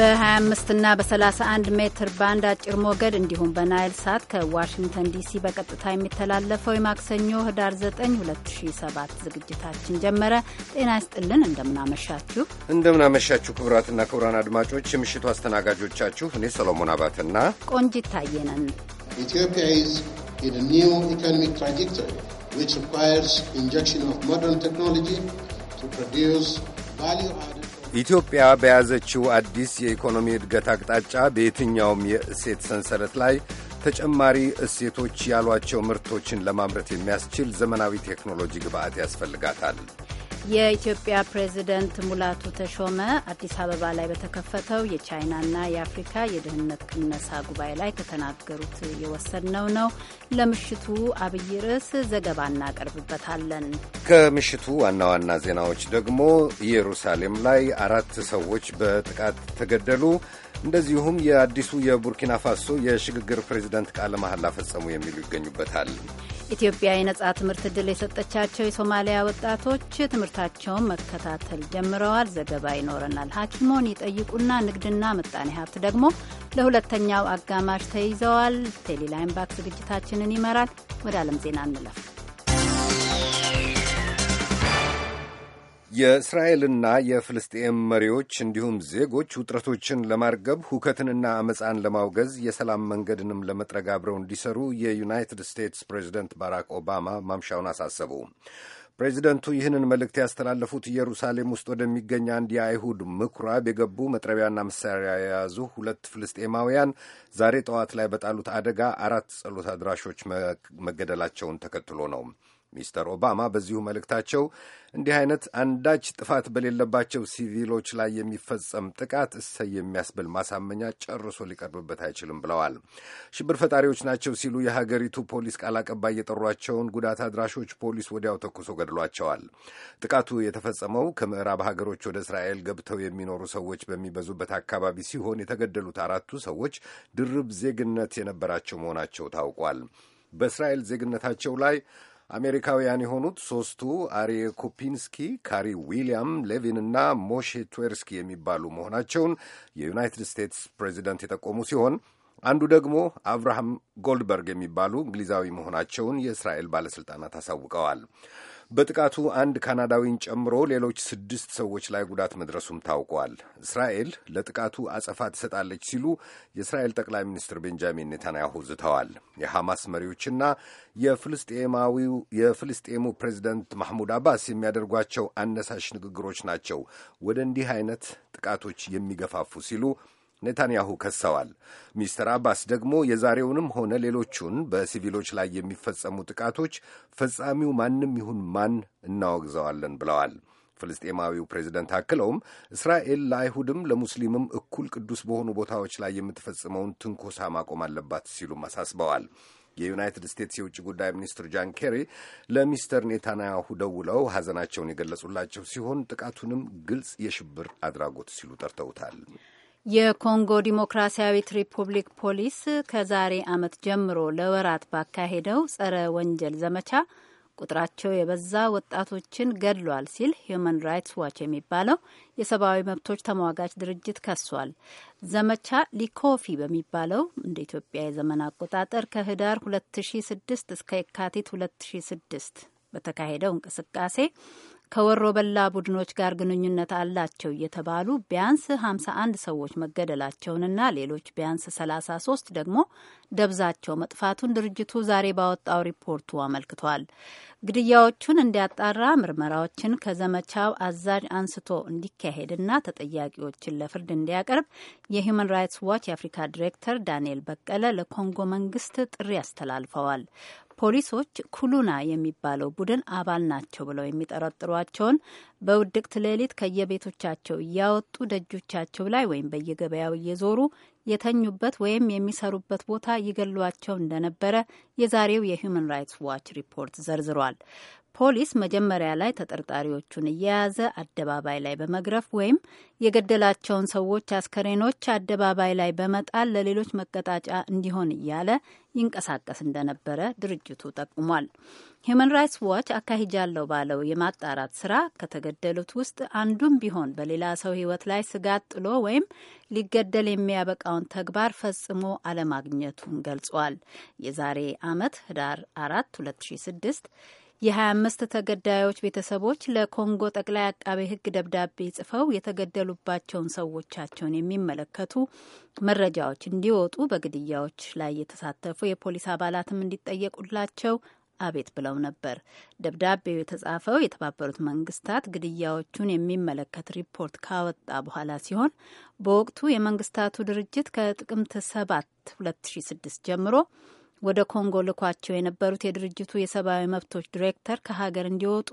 በ25 እና በ31 ሜትር ባንድ አጭር ሞገድ እንዲሁም በናይል ሳት ከዋሽንግተን ዲሲ በቀጥታ የሚተላለፈው የማክሰኞ ህዳር 9 2007 ዝግጅታችን ጀመረ። ጤና ይስጥልን። እንደምናመሻችሁ እንደምናመሻችሁ ክቡራትና ክቡራን አድማጮች የምሽቱ አስተናጋጆቻችሁ እኔ ሰሎሞን አባትና ቆንጂት ታዬ ነን። ኢትዮጵያ ኢዝ ኢን ኒው ኢኮኖሚክ ትራጀክተሪ ዊች ሪኳየርስ ኢንጀክሽን ኦፍ ሞደርን ቴክኖሎጂ ቱ ፕሮዲውስ ቫሊዩ አድ ኢትዮጵያ በያዘችው አዲስ የኢኮኖሚ እድገት አቅጣጫ በየትኛውም የእሴት ሰንሰለት ላይ ተጨማሪ እሴቶች ያሏቸው ምርቶችን ለማምረት የሚያስችል ዘመናዊ ቴክኖሎጂ ግብዓት ያስፈልጋታል። የኢትዮጵያ ፕሬዝደንት ሙላቱ ተሾመ አዲስ አበባ ላይ በተከፈተው የቻይናና የአፍሪካ የድህነት ቅነሳ ጉባኤ ላይ ከተናገሩት የወሰድነው ነው። ለምሽቱ አብይ ርዕስ ዘገባ እናቀርብበታለን። ከምሽቱ ዋና ዋና ዜናዎች ደግሞ ኢየሩሳሌም ላይ አራት ሰዎች በጥቃት ተገደሉ። እንደዚሁም የአዲሱ የቡርኪና ፋሶ የሽግግር ፕሬዚደንት ቃለ መሐላ ፈጸሙ የሚሉ ይገኙበታል። ኢትዮጵያ የነጻ ትምህርት ዕድል የሰጠቻቸው የሶማሊያ ወጣቶች ትምህርታቸውን መከታተል ጀምረዋል። ዘገባ ይኖረናል። ሐኪሞን ይጠይቁና ንግድና ምጣኔ ሀብት ደግሞ ለሁለተኛው አጋማሽ ተይዘዋል። ቴሌላይም ባክ ዝግጅታችንን ይመራል። ወደ ዓለም ዜና እንለፍ። የእስራኤልና የፍልስጤም መሪዎች እንዲሁም ዜጎች ውጥረቶችን ለማርገብ ሁከትንና አመፃን ለማውገዝ የሰላም መንገድንም ለመጥረግ አብረው እንዲሰሩ የዩናይትድ ስቴትስ ፕሬዚደንት ባራክ ኦባማ ማምሻውን አሳሰቡ። ፕሬዚደንቱ ይህንን መልእክት ያስተላለፉት ኢየሩሳሌም ውስጥ ወደሚገኝ አንድ የአይሁድ ምኩራብ የገቡ መጥረቢያና መሳሪያ የያዙ ሁለት ፍልስጤማውያን ዛሬ ጠዋት ላይ በጣሉት አደጋ አራት ጸሎት አድራሾች መገደላቸውን ተከትሎ ነው። ሚስተር ኦባማ በዚሁ መልእክታቸው እንዲህ አይነት አንዳች ጥፋት በሌለባቸው ሲቪሎች ላይ የሚፈጸም ጥቃት እሰይ የሚያስብል ማሳመኛ ጨርሶ ሊቀርብበት አይችልም ብለዋል። ሽብር ፈጣሪዎች ናቸው ሲሉ የሀገሪቱ ፖሊስ ቃል አቀባይ የጠሯቸውን ጉዳት አድራሾች ፖሊስ ወዲያው ተኩሶ ገድሏቸዋል። ጥቃቱ የተፈጸመው ከምዕራብ ሀገሮች ወደ እስራኤል ገብተው የሚኖሩ ሰዎች በሚበዙበት አካባቢ ሲሆን የተገደሉት አራቱ ሰዎች ድርብ ዜግነት የነበራቸው መሆናቸው ታውቋል። በእስራኤል ዜግነታቸው ላይ አሜሪካውያን የሆኑት ሦስቱ አሪዬ ኮፒንስኪ፣ ካሪ ዊሊያም ሌቪን እና ሞሼ ትዌርስኪ የሚባሉ መሆናቸውን የዩናይትድ ስቴትስ ፕሬዚደንት የጠቆሙ ሲሆን አንዱ ደግሞ አብርሃም ጎልድበርግ የሚባሉ እንግሊዛዊ መሆናቸውን የእስራኤል ባለሥልጣናት አሳውቀዋል። በጥቃቱ አንድ ካናዳዊን ጨምሮ ሌሎች ስድስት ሰዎች ላይ ጉዳት መድረሱም ታውቋል። እስራኤል ለጥቃቱ አጸፋ ትሰጣለች ሲሉ የእስራኤል ጠቅላይ ሚኒስትር ቤንጃሚን ኔታንያሁ ዝተዋል። የሐማስ መሪዎችና የፍልስጤማዊው የፍልስጤሙ ፕሬዚደንት ማህሙድ አባስ የሚያደርጓቸው አነሳሽ ንግግሮች ናቸው ወደ እንዲህ አይነት ጥቃቶች የሚገፋፉ ሲሉ ኔታንያሁ ከሰዋል። ሚስተር አባስ ደግሞ የዛሬውንም ሆነ ሌሎቹን በሲቪሎች ላይ የሚፈጸሙ ጥቃቶች ፈጻሚው ማንም ይሁን ማን እናወግዘዋለን ብለዋል። ፍልስጤማዊው ፕሬዚደንት አክለውም እስራኤል ለአይሁድም ለሙስሊምም እኩል ቅዱስ በሆኑ ቦታዎች ላይ የምትፈጽመውን ትንኮሳ ማቆም አለባት ሲሉም አሳስበዋል። የዩናይትድ ስቴትስ የውጭ ጉዳይ ሚኒስትር ጃን ኬሪ ለሚስተር ኔታንያሁ ደውለው ሐዘናቸውን የገለጹላቸው ሲሆን ጥቃቱንም ግልጽ የሽብር አድራጎት ሲሉ ጠርተውታል። የኮንጎ ዲሞክራሲያዊት ሪፑብሊክ ፖሊስ ከዛሬ ዓመት ጀምሮ ለወራት ባካሄደው ጸረ ወንጀል ዘመቻ ቁጥራቸው የበዛ ወጣቶችን ገድሏል ሲል ሂዩማን ራይትስ ዋች የሚባለው የሰብአዊ መብቶች ተሟጋች ድርጅት ከሷል። ዘመቻ ሊኮፊ በሚባለው እንደ ኢትዮጵያ የዘመን አቆጣጠር ከህዳር 2006 እስከ የካቲት 2006 በተካሄደው እንቅስቃሴ ከወሮ በላ ቡድኖች ጋር ግንኙነት አላቸው እየተባሉ ቢያንስ 51 ሰዎች መገደላቸውንና ሌሎች ቢያንስ 33 ደግሞ ደብዛቸው መጥፋቱን ድርጅቱ ዛሬ ባወጣው ሪፖርቱ አመልክቷል። ግድያዎቹን እንዲያጣራ ምርመራዎችን ከዘመቻው አዛዥ አንስቶ እንዲካሄድና ተጠያቂዎችን ለፍርድ እንዲያቀርብ የሂዩማን ራይትስ ዋች የአፍሪካ ዲሬክተር ዳንኤል በቀለ ለኮንጎ መንግስት ጥሪ አስተላልፈዋል። ፖሊሶች ኩሉና የሚባለው ቡድን አባል ናቸው ብለው የሚጠረጥሯቸውን በውድቅት ሌሊት ከየቤቶቻቸው እያወጡ ደጆቻቸው ላይ ወይም በየገበያው እየዞሩ የተኙበት ወይም የሚሰሩበት ቦታ ይገሏቸው እንደነበረ የዛሬው የሁማን ራይትስ ዋች ሪፖርት ዘርዝሯል። ፖሊስ መጀመሪያ ላይ ተጠርጣሪዎቹን እየያዘ አደባባይ ላይ በመግረፍ ወይም የገደላቸውን ሰዎች አስከሬኖች አደባባይ ላይ በመጣል ለሌሎች መቀጣጫ እንዲሆን እያለ ይንቀሳቀስ እንደነበረ ድርጅቱ ጠቁሟል። ሂዩማን ራይትስ ዋች አካሂጃለሁ ባለው የማጣራት ስራ ከተገደሉት ውስጥ አንዱም ቢሆን በሌላ ሰው ሕይወት ላይ ስጋት ጥሎ ወይም ሊገደል የሚያበቃውን ተግባር ፈጽሞ አለማግኘቱን ገልጿል። የዛሬ ዓመት ህዳር አራት 2006 የ25 ተገዳዮች ቤተሰቦች ለኮንጎ ጠቅላይ አቃቤ ሕግ ደብዳቤ ጽፈው የተገደሉባቸውን ሰዎቻቸውን የሚመለከቱ መረጃዎች እንዲወጡ፣ በግድያዎች ላይ የተሳተፉ የፖሊስ አባላትም እንዲጠየቁላቸው አቤት ብለው ነበር። ደብዳቤው የተጻፈው የተባበሩት መንግስታት ግድያዎቹን የሚመለከት ሪፖርት ካወጣ በኋላ ሲሆን በወቅቱ የመንግስታቱ ድርጅት ከጥቅምት 7 2006 ጀምሮ ወደ ኮንጎ ልኳቸው የነበሩት የድርጅቱ የሰብአዊ መብቶች ዲሬክተር ከሀገር እንዲወጡ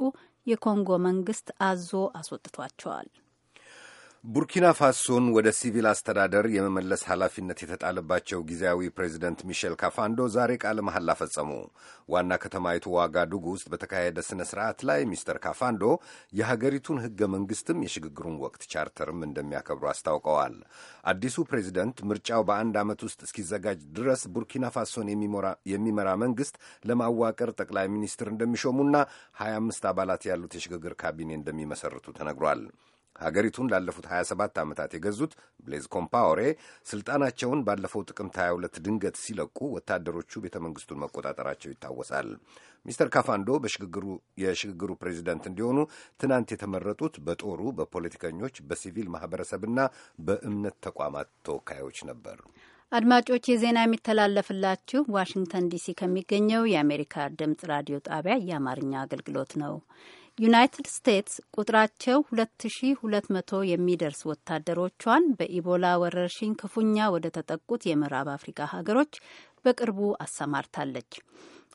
የኮንጎ መንግስት አዞ አስወጥቷቸዋል። ቡርኪና ፋሶን ወደ ሲቪል አስተዳደር የመመለስ ኃላፊነት የተጣለባቸው ጊዜያዊ ፕሬዚደንት ሚሼል ካፋንዶ ዛሬ ቃለ መሐላ ፈጸሙ። ዋና ከተማይቱ ዱግ ውስጥ በተካሄደ ሥነ ሥርዓት ላይ ሚስተር ካፋንዶ የሀገሪቱን ሕገ መንግሥትም የሽግግሩን ወቅት ቻርተርም እንደሚያከብሩ አስታውቀዋል። አዲሱ ፕሬዚደንት ምርጫው በአንድ ዓመት ውስጥ እስኪዘጋጅ ድረስ ቡርኪና ፋሶን የሚመራ መንግሥት ለማዋቀር ጠቅላይ ሚኒስትር እንደሚሾሙና 25 አባላት ያሉት የሽግግር ካቢኔ እንደሚመሰርቱ ተነግሯል። ሀገሪቱን ላለፉት 27 ዓመታት የገዙት ብሌዝ ኮምፓወሬ ስልጣናቸውን ባለፈው ጥቅምት 22 ድንገት ሲለቁ ወታደሮቹ ቤተ መንግስቱን መቆጣጠራቸው ይታወሳል። ሚስተር ካፋንዶ የሽግግሩ ፕሬዚደንት እንዲሆኑ ትናንት የተመረጡት በጦሩ፣ በፖለቲከኞች፣ በሲቪል ማህበረሰብና በእምነት ተቋማት ተወካዮች ነበር። አድማጮች የዜና የሚተላለፍላችሁ ዋሽንግተን ዲሲ ከሚገኘው የአሜሪካ ድምጽ ራዲዮ ጣቢያ የአማርኛ አገልግሎት ነው። ዩናይትድ ስቴትስ ቁጥራቸው 2200 የሚደርስ ወታደሮቿን በኢቦላ ወረርሽኝ ክፉኛ ወደ ተጠቁት የምዕራብ አፍሪካ ሀገሮች በቅርቡ አሰማርታለች።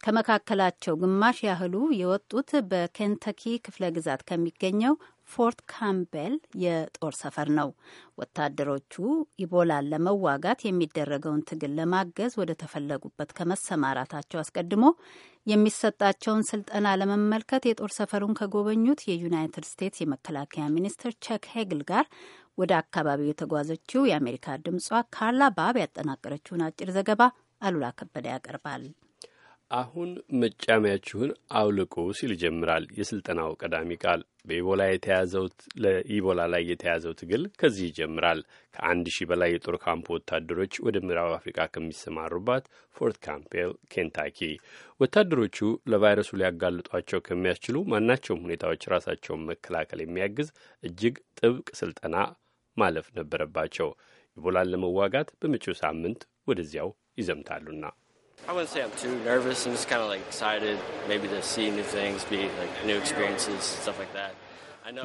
ከመካከላቸው ግማሽ ያህሉ የወጡት በኬንተኪ ክፍለ ግዛት ከሚገኘው ፎርት ካምቤል የጦር ሰፈር ነው። ወታደሮቹ ኢቦላን ለመዋጋት የሚደረገውን ትግል ለማገዝ ወደ ተፈለጉበት ከመሰማራታቸው አስቀድሞ የሚሰጣቸውን ስልጠና ለመመልከት የጦር ሰፈሩን ከጎበኙት የዩናይትድ ስቴትስ የመከላከያ ሚኒስትር ቸክ ሄግል ጋር ወደ አካባቢው የተጓዘችው የአሜሪካ ድምጿ ካርላ ባብ ያጠናቀረችውን አጭር ዘገባ አሉላ ከበደ ያቀርባል። አሁን መጫሚያችሁን አውልቁ ሲል ይጀምራል የስልጠናው ቀዳሚ ቃል። በኢቦላ የተያዘው ለኢቦላ ላይ የተያዘው ትግል ከዚህ ይጀምራል። ከአንድ ሺህ በላይ የጦር ካምፕ ወታደሮች ወደ ምዕራብ አፍሪካ ከሚሰማሩባት ፎርት ካምፔል ኬንታኪ፣ ወታደሮቹ ለቫይረሱ ሊያጋልጧቸው ከሚያስችሉ ማናቸውም ሁኔታዎች ራሳቸውን መከላከል የሚያግዝ እጅግ ጥብቅ ስልጠና ማለፍ ነበረባቸው። ኢቦላን ለመዋጋት በመጪው ሳምንት ወደዚያው ይዘምታሉና I wouldn't say I'm too nervous. I'm just kind of like excited, maybe to see new things, be like new experiences, stuff like that.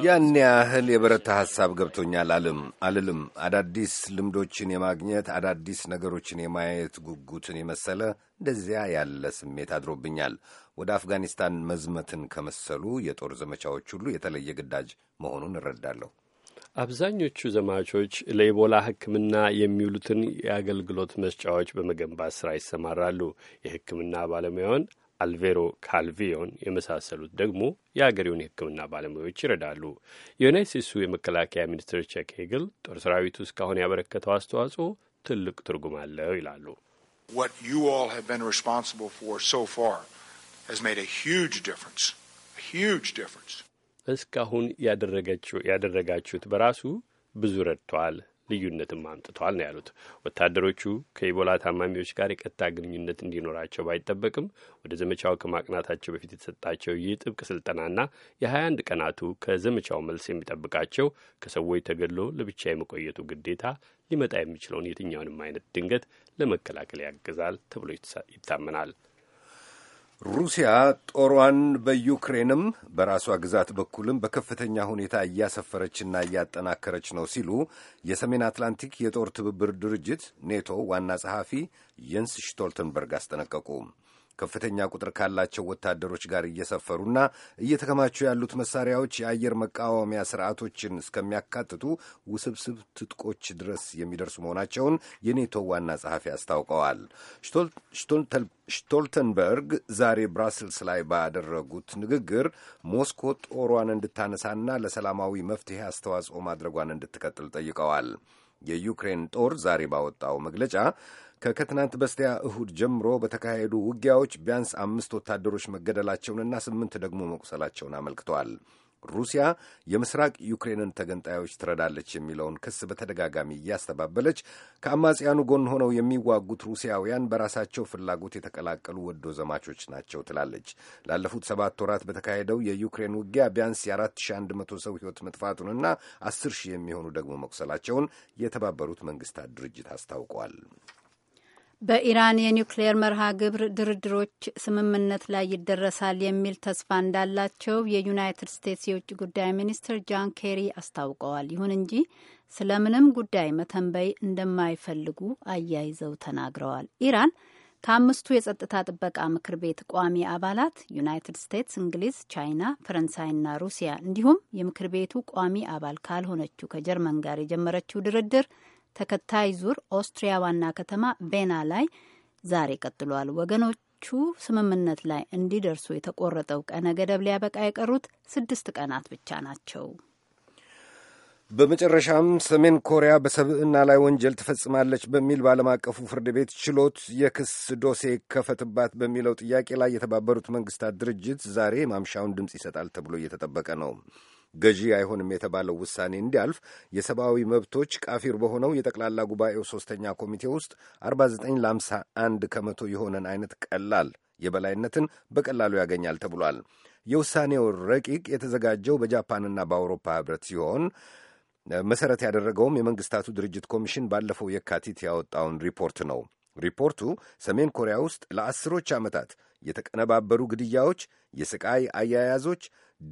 ያን ያህል የበረታ ሐሳብ ገብቶኛል አልም አልልም። አዳዲስ ልምዶችን የማግኘት አዳዲስ ነገሮችን የማየት ጉጉትን የመሰለ እንደዚያ ያለ ስሜት አድሮብኛል። ወደ አፍጋኒስታን መዝመትን ከመሰሉ የጦር ዘመቻዎች ሁሉ የተለየ ግዳጅ መሆኑን እረዳለሁ። አብዛኞቹ ዘማቾች ለኢቦላ ሕክምና የሚውሉትን የአገልግሎት መስጫዎች በመገንባት ስራ ይሰማራሉ። የሕክምና ባለሙያውን አልቬሮ ካልቪዮን የመሳሰሉት ደግሞ የአገሬውን የሕክምና ባለሙያዎች ይረዳሉ። የዩናይት ስቴትሱ የመከላከያ ሚኒስትር ቼክ ሄግል ጦር ሰራዊቱ እስካሁን ያበረከተው አስተዋጽኦ ትልቅ ትርጉም አለው ይላሉ። እስካሁን ያደረጋችሁት በራሱ ብዙ ረድተዋል፣ ልዩነትም አምጥቷል ነው ያሉት። ወታደሮቹ ከኢቦላ ታማሚዎች ጋር የቀጥታ ግንኙነት እንዲኖራቸው ባይጠበቅም ወደ ዘመቻው ከማቅናታቸው በፊት የተሰጣቸው ይህ ጥብቅ ስልጠናና የ21 ቀናቱ ከዘመቻው መልስ የሚጠብቃቸው ከሰዎች ተገድሎ ለብቻ የመቆየቱ ግዴታ ሊመጣ የሚችለውን የትኛውንም አይነት ድንገት ለመከላከል ያግዛል ተብሎ ይታመናል። ሩሲያ ጦሯን በዩክሬንም በራሷ ግዛት በኩልም በከፍተኛ ሁኔታ እያሰፈረችና እያጠናከረች ነው ሲሉ የሰሜን አትላንቲክ የጦር ትብብር ድርጅት ኔቶ ዋና ጸሐፊ የንስ ሽቶልተንበርግ አስጠነቀቁ። ከፍተኛ ቁጥር ካላቸው ወታደሮች ጋር እየሰፈሩና እየተከማቹ ያሉት መሳሪያዎች የአየር መቃወሚያ ስርዓቶችን እስከሚያካትቱ ውስብስብ ትጥቆች ድረስ የሚደርሱ መሆናቸውን የኔቶ ዋና ጸሐፊ አስታውቀዋል። ስቶልተንበርግ ዛሬ ብራስልስ ላይ ባደረጉት ንግግር ሞስኮ ጦሯን እንድታነሳና ለሰላማዊ መፍትሄ አስተዋጽኦ ማድረጓን እንድትቀጥል ጠይቀዋል። የዩክሬን ጦር ዛሬ ባወጣው መግለጫ ከከትናንት በስቲያ እሁድ ጀምሮ በተካሄዱ ውጊያዎች ቢያንስ አምስት ወታደሮች መገደላቸውንና ስምንት ደግሞ መቁሰላቸውን አመልክተዋል። ሩሲያ የምስራቅ ዩክሬንን ተገንጣዮች ትረዳለች የሚለውን ክስ በተደጋጋሚ እያስተባበለች ከአማጽያኑ ጎን ሆነው የሚዋጉት ሩሲያውያን በራሳቸው ፍላጎት የተቀላቀሉ ወዶ ዘማቾች ናቸው ትላለች። ላለፉት ሰባት ወራት በተካሄደው የዩክሬን ውጊያ ቢያንስ የ4100 ሰው ሕይወት መጥፋቱንና 10 ሺህ የሚሆኑ ደግሞ መቁሰላቸውን የተባበሩት መንግስታት ድርጅት አስታውቋል። በኢራን የኒውክሌር መርሃ ግብር ድርድሮች ስምምነት ላይ ይደረሳል የሚል ተስፋ እንዳላቸው የዩናይትድ ስቴትስ የውጭ ጉዳይ ሚኒስትር ጃን ኬሪ አስታውቀዋል። ይሁን እንጂ ስለምንም ጉዳይ መተንበይ እንደማይፈልጉ አያይዘው ተናግረዋል። ኢራን ከአምስቱ የጸጥታ ጥበቃ ምክር ቤት ቋሚ አባላት ዩናይትድ ስቴትስ፣ እንግሊዝ፣ ቻይና፣ ፈረንሳይና ሩሲያ እንዲሁም የምክር ቤቱ ቋሚ አባል ካልሆነችው ከጀርመን ጋር የጀመረችው ድርድር ተከታይ ዙር ኦስትሪያ ዋና ከተማ ቬና ላይ ዛሬ ቀጥሏል። ወገኖቹ ስምምነት ላይ እንዲደርሱ የተቆረጠው ቀነ ገደብ ሊያበቃ የቀሩት ስድስት ቀናት ብቻ ናቸው። በመጨረሻም ሰሜን ኮሪያ በሰብዕና ላይ ወንጀል ትፈጽማለች በሚል በዓለም አቀፉ ፍርድ ቤት ችሎት የክስ ዶሴ ከፈትባት በሚለው ጥያቄ ላይ የተባበሩት መንግስታት ድርጅት ዛሬ ማምሻውን ድምፅ ይሰጣል ተብሎ እየተጠበቀ ነው። ገዢ አይሆንም የተባለው ውሳኔ እንዲያልፍ የሰብአዊ መብቶች ቃፊር በሆነው የጠቅላላ ጉባኤው ሶስተኛ ኮሚቴ ውስጥ 49 ለ51 ከመቶ የሆነን አይነት ቀላል የበላይነትን በቀላሉ ያገኛል ተብሏል። የውሳኔው ረቂቅ የተዘጋጀው በጃፓንና በአውሮፓ ህብረት ሲሆን መሰረት ያደረገውም የመንግስታቱ ድርጅት ኮሚሽን ባለፈው የካቲት ያወጣውን ሪፖርት ነው። ሪፖርቱ ሰሜን ኮሪያ ውስጥ ለአስሮች ዓመታት የተቀነባበሩ ግድያዎች፣ የስቃይ አያያዞች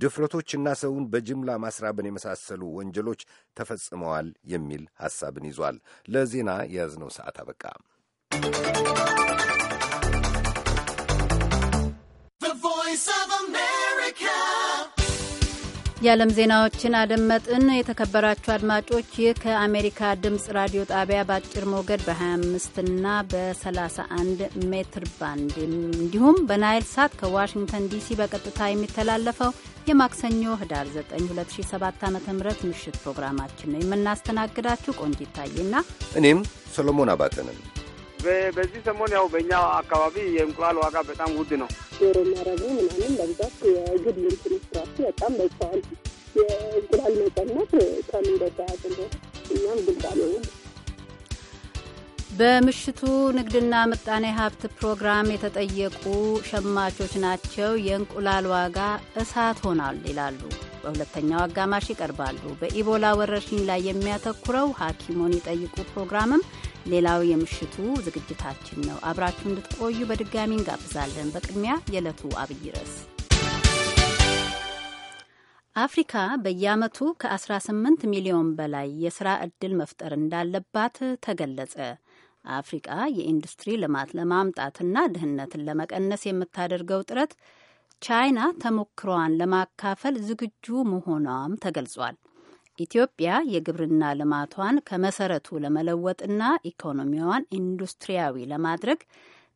ድፍረቶችና ሰውን በጅምላ ማስራብን የመሳሰሉ ወንጀሎች ተፈጽመዋል የሚል ሐሳብን ይዟል። ለዜና የያዝነው ሰዓት አበቃ። የዓለም ዜናዎችን አደመጥን። የተከበራችሁ አድማጮች፣ ይህ ከአሜሪካ ድምፅ ራዲዮ ጣቢያ በአጭር ሞገድ በ25 እና በ31 ሜትር ባንድ እንዲሁም በናይል ሳት ከዋሽንግተን ዲሲ በቀጥታ የሚተላለፈው የማክሰኞ ህዳር 9 2007 ዓ ም ምሽት ፕሮግራማችን ነው። የምናስተናግዳችሁ ቆንጂት ታዬና እኔም ሰሎሞን አባተ ነን። በዚህ ሰሞን ያው በእኛ አካባቢ የእንቁላል ዋጋ በጣም ውድ ነው። ዶሮ ማረቡ ምናምን በብዛት የግድ ልንትን ስራሱ በጣም በይተዋል። የእንቁላል መጠነት ከምን በዛያት እኛም ግልጣ ነው። በምሽቱ ንግድና ምጣኔ ሀብት ፕሮግራም የተጠየቁ ሸማቾች ናቸው። የእንቁላል ዋጋ እሳት ሆኗል ይላሉ። በሁለተኛው አጋማሽ ይቀርባሉ። በኢቦላ ወረርሽኝ ላይ የሚያተኩረው ሐኪሙን ይጠይቁ ፕሮግራምም ሌላው የምሽቱ ዝግጅታችን ነው። አብራችሁ እንድትቆዩ በድጋሚ እንጋብዛለን። በቅድሚያ የዕለቱ አብይ ርዕስ አፍሪካ በየዓመቱ ከ18 ሚሊዮን በላይ የሥራ ዕድል መፍጠር እንዳለባት ተገለጸ። አፍሪቃ የኢንዱስትሪ ልማት ለማምጣትና ድህነትን ለመቀነስ የምታደርገው ጥረት ቻይና ተሞክሯን ለማካፈል ዝግጁ መሆኗም ተገልጿል። ኢትዮጵያ የግብርና ልማቷን ከመሰረቱ ለመለወጥና ኢኮኖሚዋን ኢንዱስትሪያዊ ለማድረግ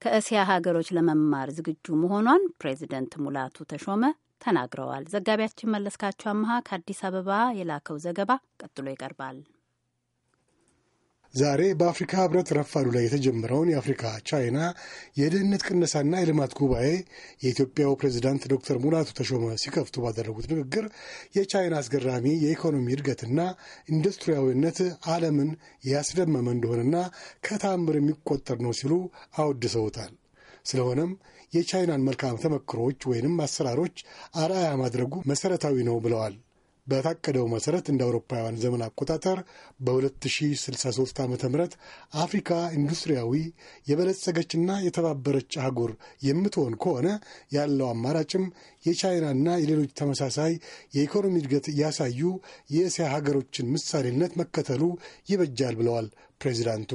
ከእስያ ሀገሮች ለመማር ዝግጁ መሆኗን ፕሬዚደንት ሙላቱ ተሾመ ተናግረዋል። ዘጋቢያችን መለስካቸው አመሀ ከአዲስ አበባ የላከው ዘገባ ቀጥሎ ይቀርባል። ዛሬ በአፍሪካ ህብረት ረፋዱ ላይ የተጀመረውን የአፍሪካ ቻይና የድህነት ቅነሳና የልማት ጉባኤ የኢትዮጵያው ፕሬዚዳንት ዶክተር ሙላቱ ተሾመ ሲከፍቱ ባደረጉት ንግግር የቻይና አስገራሚ የኢኮኖሚ እድገትና ኢንዱስትሪያዊነት ዓለምን ያስደመመ እንደሆነና ከታምር የሚቆጠር ነው ሲሉ አወድሰውታል። ስለሆነም የቻይናን መልካም ተመክሮዎች ወይንም አሰራሮች አርአያ ማድረጉ መሰረታዊ ነው ብለዋል። በታቀደው መሰረት እንደ አውሮፓውያን ዘመን አቆጣጠር በ2063 ዓ ም አፍሪካ ኢንዱስትሪያዊ የበለጸገችና የተባበረች አህጉር የምትሆን ከሆነ ያለው አማራጭም የቻይናና የሌሎች ተመሳሳይ የኢኮኖሚ እድገት እያሳዩ የእስያ ሀገሮችን ምሳሌነት መከተሉ ይበጃል ብለዋል ፕሬዚዳንቱ።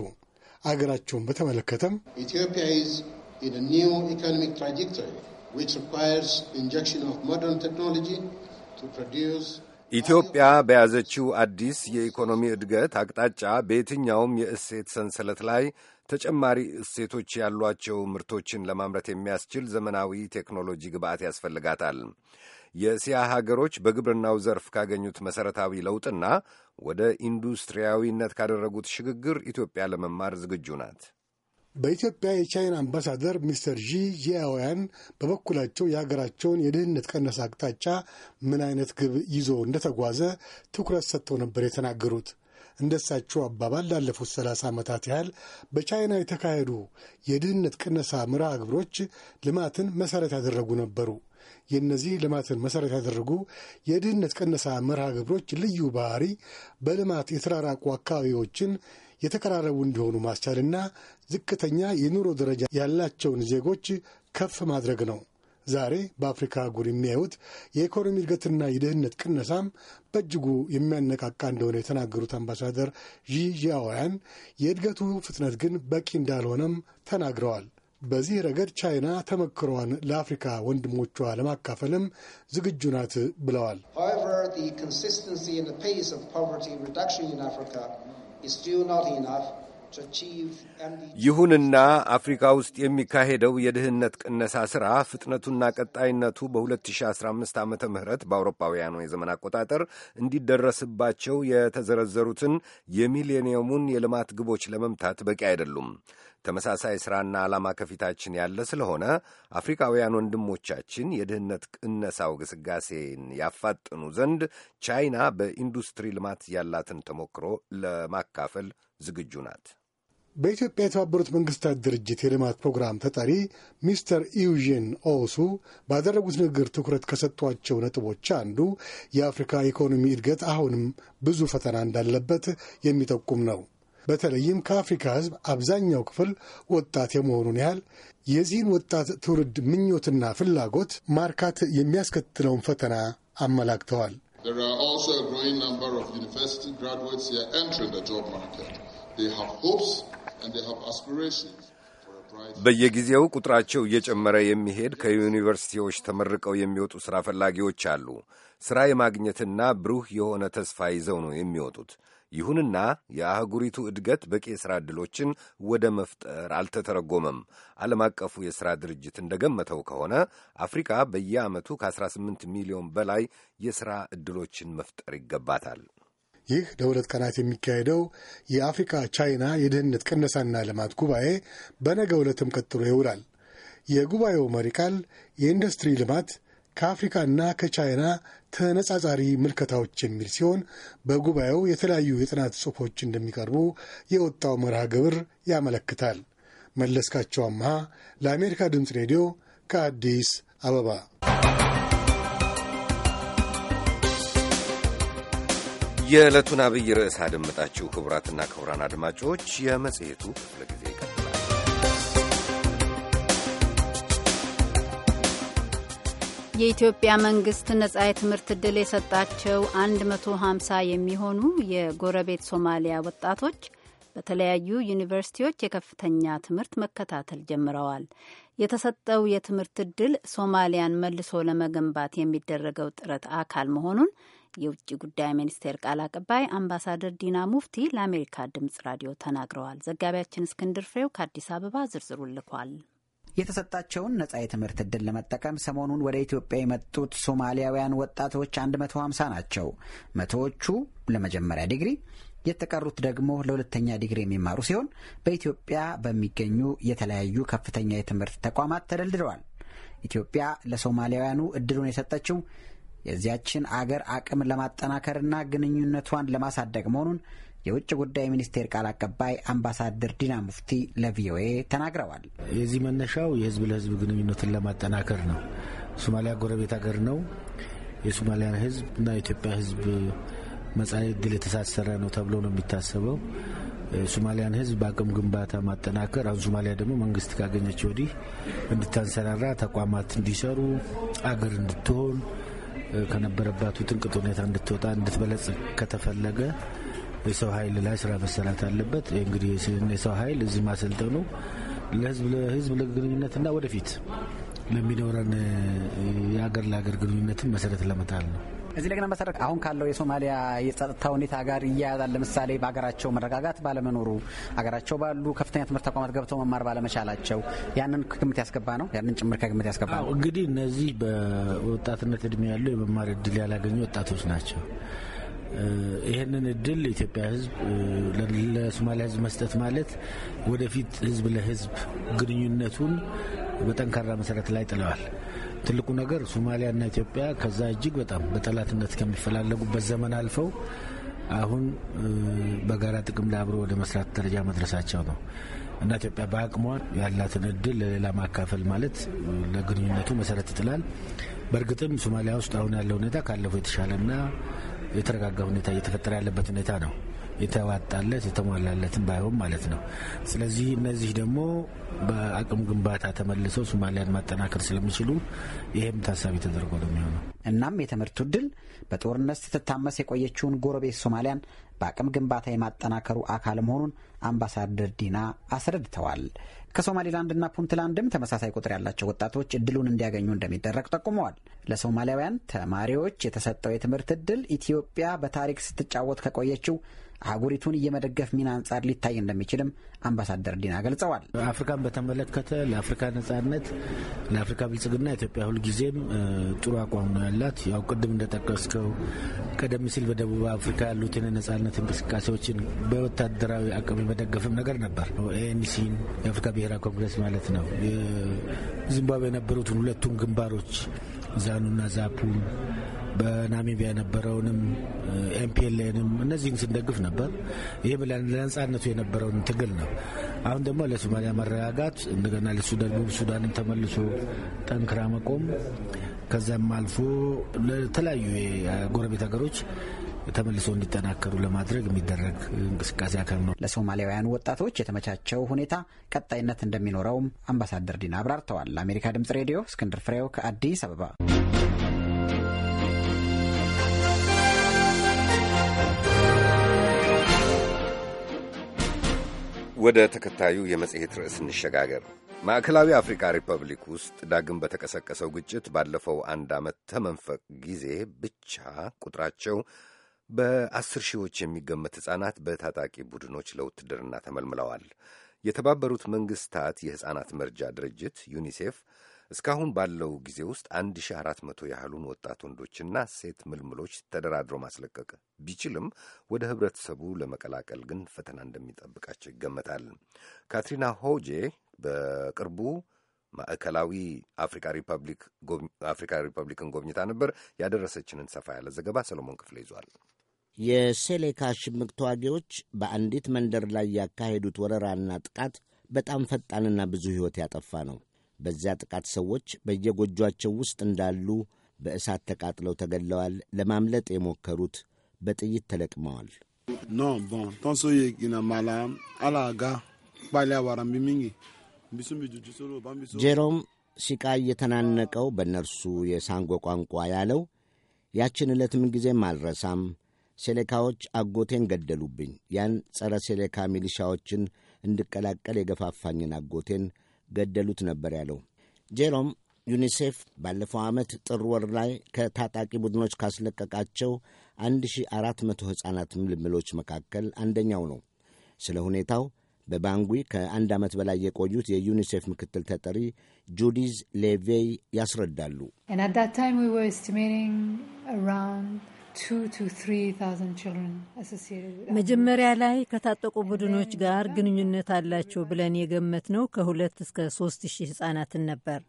አገራቸውን በተመለከተም ኢትዮጵያ ኒው ኢኮኖሚክ ትራጀክተሪ ዊች ሪኳየርስ ኢንጀክሽን ኦፍ ሞደርን ቴክኖሎጂ to ኢትዮጵያ በያዘችው አዲስ የኢኮኖሚ እድገት አቅጣጫ በየትኛውም የእሴት ሰንሰለት ላይ ተጨማሪ እሴቶች ያሏቸው ምርቶችን ለማምረት የሚያስችል ዘመናዊ ቴክኖሎጂ ግብዓት ያስፈልጋታል። የእስያ ሀገሮች በግብርናው ዘርፍ ካገኙት መሠረታዊ ለውጥና ወደ ኢንዱስትሪያዊነት ካደረጉት ሽግግር ኢትዮጵያ ለመማር ዝግጁ ናት። በኢትዮጵያ የቻይና አምባሳደር ሚስተር ዢ ጂያውያን በበኩላቸው የሀገራቸውን የድህነት ቀነሳ አቅጣጫ ምን አይነት ግብ ይዞ እንደተጓዘ ትኩረት ሰጥተው ነበር የተናገሩት። እንደሳቸው አባባል ላለፉት 0 ዓመታት ያህል በቻይና የተካሄዱ የድህነት ቅነሳ መርሃ ግብሮች ልማትን መሠረት ያደረጉ ነበሩ። የእነዚህ ልማትን መሠረት ያደረጉ የድህነት ቅነሳ መርሃ ግብሮች ልዩ ባህሪ በልማት የተራራቁ አካባቢዎችን የተቀራረቡ እንዲሆኑ ማስቻልና ዝቅተኛ የኑሮ ደረጃ ያላቸውን ዜጎች ከፍ ማድረግ ነው። ዛሬ በአፍሪካ አህጉር የሚያዩት የኢኮኖሚ እድገትና የድህነት ቅነሳም በእጅጉ የሚያነቃቃ እንደሆነ የተናገሩት አምባሳደር ዢ የእድገቱ ፍጥነት ግን በቂ እንዳልሆነም ተናግረዋል። በዚህ ረገድ ቻይና ተመክሯን ለአፍሪካ ወንድሞቿ ለማካፈልም ዝግጁ ናት ብለዋል። ይሁንና አፍሪካ ውስጥ የሚካሄደው የድህነት ቅነሳ ሥራ ፍጥነቱና ቀጣይነቱ በ2015 ዓመተ ምህረት በአውሮፓውያኑ የዘመን አቆጣጠር እንዲደረስባቸው የተዘረዘሩትን የሚሌኒየሙን የልማት ግቦች ለመምታት በቂ አይደሉም። ተመሳሳይ ሥራና ዓላማ ከፊታችን ያለ ስለሆነ አፍሪካውያን ወንድሞቻችን የድህነት ቅነሳው ግስጋሴን ያፋጥኑ ዘንድ ቻይና በኢንዱስትሪ ልማት ያላትን ተሞክሮ ለማካፈል ዝግጁ ናት። በኢትዮጵያ የተባበሩት መንግስታት ድርጅት የልማት ፕሮግራም ተጠሪ ሚስተር ኢዩዥን ኦሱ ባደረጉት ንግግር ትኩረት ከሰጧቸው ነጥቦች አንዱ የአፍሪካ ኢኮኖሚ እድገት አሁንም ብዙ ፈተና እንዳለበት የሚጠቁም ነው። በተለይም ከአፍሪካ ህዝብ አብዛኛው ክፍል ወጣት የመሆኑን ያህል የዚህን ወጣት ትውልድ ምኞትና ፍላጎት ማርካት የሚያስከትለውን ፈተና አመላክተዋል። በየጊዜው ቁጥራቸው እየጨመረ የሚሄድ ከዩኒቨርሲቲዎች ተመርቀው የሚወጡ ሥራ ፈላጊዎች አሉ። ሥራ የማግኘትና ብሩህ የሆነ ተስፋ ይዘው ነው የሚወጡት። ይሁንና የአህጉሪቱ እድገት በቂ የሥራ ዕድሎችን ወደ መፍጠር አልተተረጎመም። ዓለም አቀፉ የሥራ ድርጅት እንደገመተው ከሆነ አፍሪካ በየዓመቱ ከ18 ሚሊዮን በላይ የሥራ ዕድሎችን መፍጠር ይገባታል። ይህ ለሁለት ቀናት የሚካሄደው የአፍሪካ ቻይና የድህነት ቅነሳና ልማት ጉባኤ በነገ ዕለትም ቀጥሎ ይውላል። የጉባኤው መሪ ቃል የኢንዱስትሪ ልማት ከአፍሪካና ከቻይና ተነጻጻሪ ምልከታዎች የሚል ሲሆን በጉባኤው የተለያዩ የጥናት ጽሑፎች እንደሚቀርቡ የወጣው መርሃ ግብር ያመለክታል። መለስካቸው አምሃ ለአሜሪካ ድምፅ ሬዲዮ ከአዲስ አበባ። የዕለቱን አብይ ርዕስ አደመጣችሁ። ክቡራትና ክቡራን አድማጮች የመጽሔቱ ክፍለ ጊዜ የኢትዮጵያ መንግስት ነጻ የትምህርት ዕድል የሰጣቸው 150 የሚሆኑ የጎረቤት ሶማሊያ ወጣቶች በተለያዩ ዩኒቨርሲቲዎች የከፍተኛ ትምህርት መከታተል ጀምረዋል። የተሰጠው የትምህርት ዕድል ሶማሊያን መልሶ ለመገንባት የሚደረገው ጥረት አካል መሆኑን የውጭ ጉዳይ ሚኒስቴር ቃል አቀባይ አምባሳደር ዲና ሙፍቲ ለአሜሪካ ድምጽ ራዲዮ ተናግረዋል። ዘጋቢያችን እስክንድር ፍሬው ከአዲስ አበባ ዝርዝሩ ልኳል። የተሰጣቸውን ነጻ የትምህርት እድል ለመጠቀም ሰሞኑን ወደ ኢትዮጵያ የመጡት ሶማሊያውያን ወጣቶች 150 ናቸው። መቶዎቹ ለመጀመሪያ ዲግሪ የተቀሩት ደግሞ ለሁለተኛ ዲግሪ የሚማሩ ሲሆን በኢትዮጵያ በሚገኙ የተለያዩ ከፍተኛ የትምህርት ተቋማት ተደልድለዋል። ኢትዮጵያ ለሶማሊያውያኑ እድሉን የሰጠችው የዚያችን አገር አቅም ለማጠናከርና ግንኙነቷን ለማሳደግ መሆኑን የውጭ ጉዳይ ሚኒስቴር ቃል አቀባይ አምባሳደር ዲና ሙፍቲ ለቪኦኤ ተናግረዋል። የዚህ መነሻው የህዝብ ለህዝብ ግንኙነትን ለማጠናከር ነው። ሶማሊያ ጎረቤት ሀገር ነው። የሶማሊያን ህዝብ እና የኢትዮጵያ ህዝብ መጻኢ ዕድል የተሳሰረ ነው ተብሎ ነው የሚታሰበው። የሶማሊያን ህዝብ በአቅም ግንባታ ማጠናከር፣ አሁን ሶማሊያ ደግሞ መንግስት ካገኘች ወዲህ እንድታንሰራራ ተቋማት እንዲሰሩ አገር እንድትሆን ከነበረባት ውጥንቅጥ ሁኔታ እንድትወጣ እንድትበለጽ ከተፈለገ የሰው ኃይል ላይ ስራ መሰራት አለበት። እንግዲህ የሰው ኃይል እዚህ ማሰልጠኑ ለህዝብ ለህዝብ ግንኙነትና ወደፊት ለሚኖረን የሀገር ለሀገር ግንኙነትን መሰረት ለመጣል ነው። እዚህ ላይ ግን መሰረት አሁን ካለው የሶማሊያ የጸጥታ ሁኔታ ጋር እያያዛል። ለምሳሌ በሀገራቸው መረጋጋት ባለመኖሩ ሀገራቸው ባሉ ከፍተኛ ትምህርት ተቋማት ገብተው መማር ባለመቻላቸው ያንን ግምት ያስገባ ነው። ያንን ጭምር ከግምት ያስገባ ነው። እንግዲህ እነዚህ በወጣትነት እድሜ ያለው የመማር እድል ያላገኙ ወጣቶች ናቸው። ይህንን እድል የኢትዮጵያ ህዝብ ለሶማሊያ ህዝብ መስጠት ማለት ወደፊት ህዝብ ለህዝብ ግንኙነቱን በጠንካራ መሰረት ላይ ጥለዋል። ትልቁ ነገር ሶማሊያና ኢትዮጵያ ከዛ እጅግ በጣም በጠላትነት ከሚፈላለጉበት ዘመን አልፈው አሁን በጋራ ጥቅም ላይ አብሮ ወደ መስራት ደረጃ መድረሳቸው ነው እና ኢትዮጵያ በአቅሟ ያላትን እድል ለሌላ ማካፈል ማለት ለግንኙነቱ መሰረት ይጥላል። በእርግጥም ሶማሊያ ውስጥ አሁን ያለው ሁኔታ ካለፈው የተሻለና የተረጋጋ ሁኔታ እየተፈጠረ ያለበት ሁኔታ ነው። የተዋጣለት የተሟላለትን ባይሆን ማለት ነው። ስለዚህ እነዚህ ደግሞ በአቅም ግንባታ ተመልሰው ሶማሊያን ማጠናከር ስለሚችሉ ይህም ታሳቢ ተደርጎ ነው የሚሆነው። እናም የትምህርቱ ድል በጦርነት ስትታመስ የቆየችውን ጎረቤት ሶማሊያን በአቅም ግንባታ የማጠናከሩ አካል መሆኑን አምባሳደር ዲና አስረድተዋል። ከሶማሌላንድና ፑንትላንድም ተመሳሳይ ቁጥር ያላቸው ወጣቶች እድሉን እንዲያገኙ እንደሚደረግ ጠቁመዋል። ለሶማሊያውያን ተማሪዎች የተሰጠው የትምህርት እድል ኢትዮጵያ በታሪክ ስትጫወት ከቆየችው አህጉሪቱን የመደገፍ ሚና አንጻር ሊታይ እንደሚችልም አምባሳደር ዲና ገልጸዋል። አፍሪካን በተመለከተ ለአፍሪካ ነጻነት፣ ለአፍሪካ ብልጽግና ኢትዮጵያ ሁልጊዜም ጥሩ አቋም ነው ያላት። ያው ቅድም እንደጠቀስከው ቀደም ሲል በደቡብ አፍሪካ ያሉትን የነጻነት እንቅስቃሴዎችን በወታደራዊ አቅም የመደገፍም ነገር ነበር። ኤንሲን የአፍሪካ ብሔራዊ ኮንግረስ ማለት ነው። ዚምባብዌ የነበሩትን ሁለቱን ግንባሮች ዛኑና ዛፑን በናሚቢያ የነበረውንም ኤምፒኤልኤንም እነዚህን ስንደግፍ ነበር። ይህም ለነጻነቱ የነበረውን ትግል ነው። አሁን ደግሞ ለሶማሊያ መረጋጋት እንደገና ለሱዳን ደቡብ ሱዳንን ተመልሶ ጠንክራ መቆም ከዚም አልፎ ለተለያዩ የጎረቤት ሀገሮች ተመልሶ እንዲጠናከሩ ለማድረግ የሚደረግ እንቅስቃሴ አካል ነው። ለሶማሊያውያን ወጣቶች የተመቻቸው ሁኔታ ቀጣይነት እንደሚኖረውም አምባሳደር ዲና አብራርተዋል። ለአሜሪካ ድምጽ ሬዲዮ እስክንድር ፍሬው ከአዲስ አበባ ወደ ተከታዩ የመጽሔት ርዕስ እንሸጋገር። ማዕከላዊ አፍሪካ ሪፐብሊክ ውስጥ ዳግም በተቀሰቀሰው ግጭት ባለፈው አንድ ዓመት ተመንፈቅ ጊዜ ብቻ ቁጥራቸው በአስር ሺዎች የሚገመት ሕፃናት በታጣቂ ቡድኖች ለውትድርና ተመልምለዋል። የተባበሩት መንግሥታት የሕፃናት መርጃ ድርጅት ዩኒሴፍ እስካሁን ባለው ጊዜ ውስጥ 1400 ያህሉን ወጣት ወንዶችና ሴት ምልምሎች ተደራድሮ ማስለቀቅ ቢችልም ወደ ህብረተሰቡ ለመቀላቀል ግን ፈተና እንደሚጠብቃቸው ይገመታል። ካትሪና ሆጄ በቅርቡ ማዕከላዊ አፍሪካ ሪፐብሊክን ጎብኝታ ነበር። ያደረሰችንን ሰፋ ያለ ዘገባ ሰሎሞን ክፍሌ ይዟል። የሴሌካ ሽምቅ ተዋጊዎች በአንዲት መንደር ላይ ያካሄዱት ወረራና ጥቃት በጣም ፈጣንና ብዙ ሕይወት ያጠፋ ነው። በዚያ ጥቃት ሰዎች በየጎጇቸው ውስጥ እንዳሉ በእሳት ተቃጥለው ተገለዋል ለማምለጥ የሞከሩት በጥይት ተለቅመዋል። ጄሮም ሲቃ እየተናነቀው በእነርሱ የሳንጎ ቋንቋ ያለው ያችን ዕለት ጊዜም አልረሳም። ሴሌካዎች አጎቴን ገደሉብኝ። ያን ጸረ ሴሌካ ሚሊሻዎችን እንድቀላቀል የገፋፋኝን አጎቴን ገደሉት ነበር ያለው ጄሮም። ዩኒሴፍ ባለፈው ዓመት ጥር ወር ላይ ከታጣቂ ቡድኖች ካስለቀቃቸው 1400 ሕፃናት ምልምሎች መካከል አንደኛው ነው። ስለ ሁኔታው በባንጉይ ከአንድ ዓመት በላይ የቆዩት የዩኒሴፍ ምክትል ተጠሪ ጁዲዝ ሌቬይ ያስረዳሉ። መጀመሪያ ላይ ከታጠቁ ቡድኖች ጋር ግንኙነት አላቸው ብለን የገመት ነው ከሁለት እስከ ሶስት ሺህ ህጻናትን ነበር።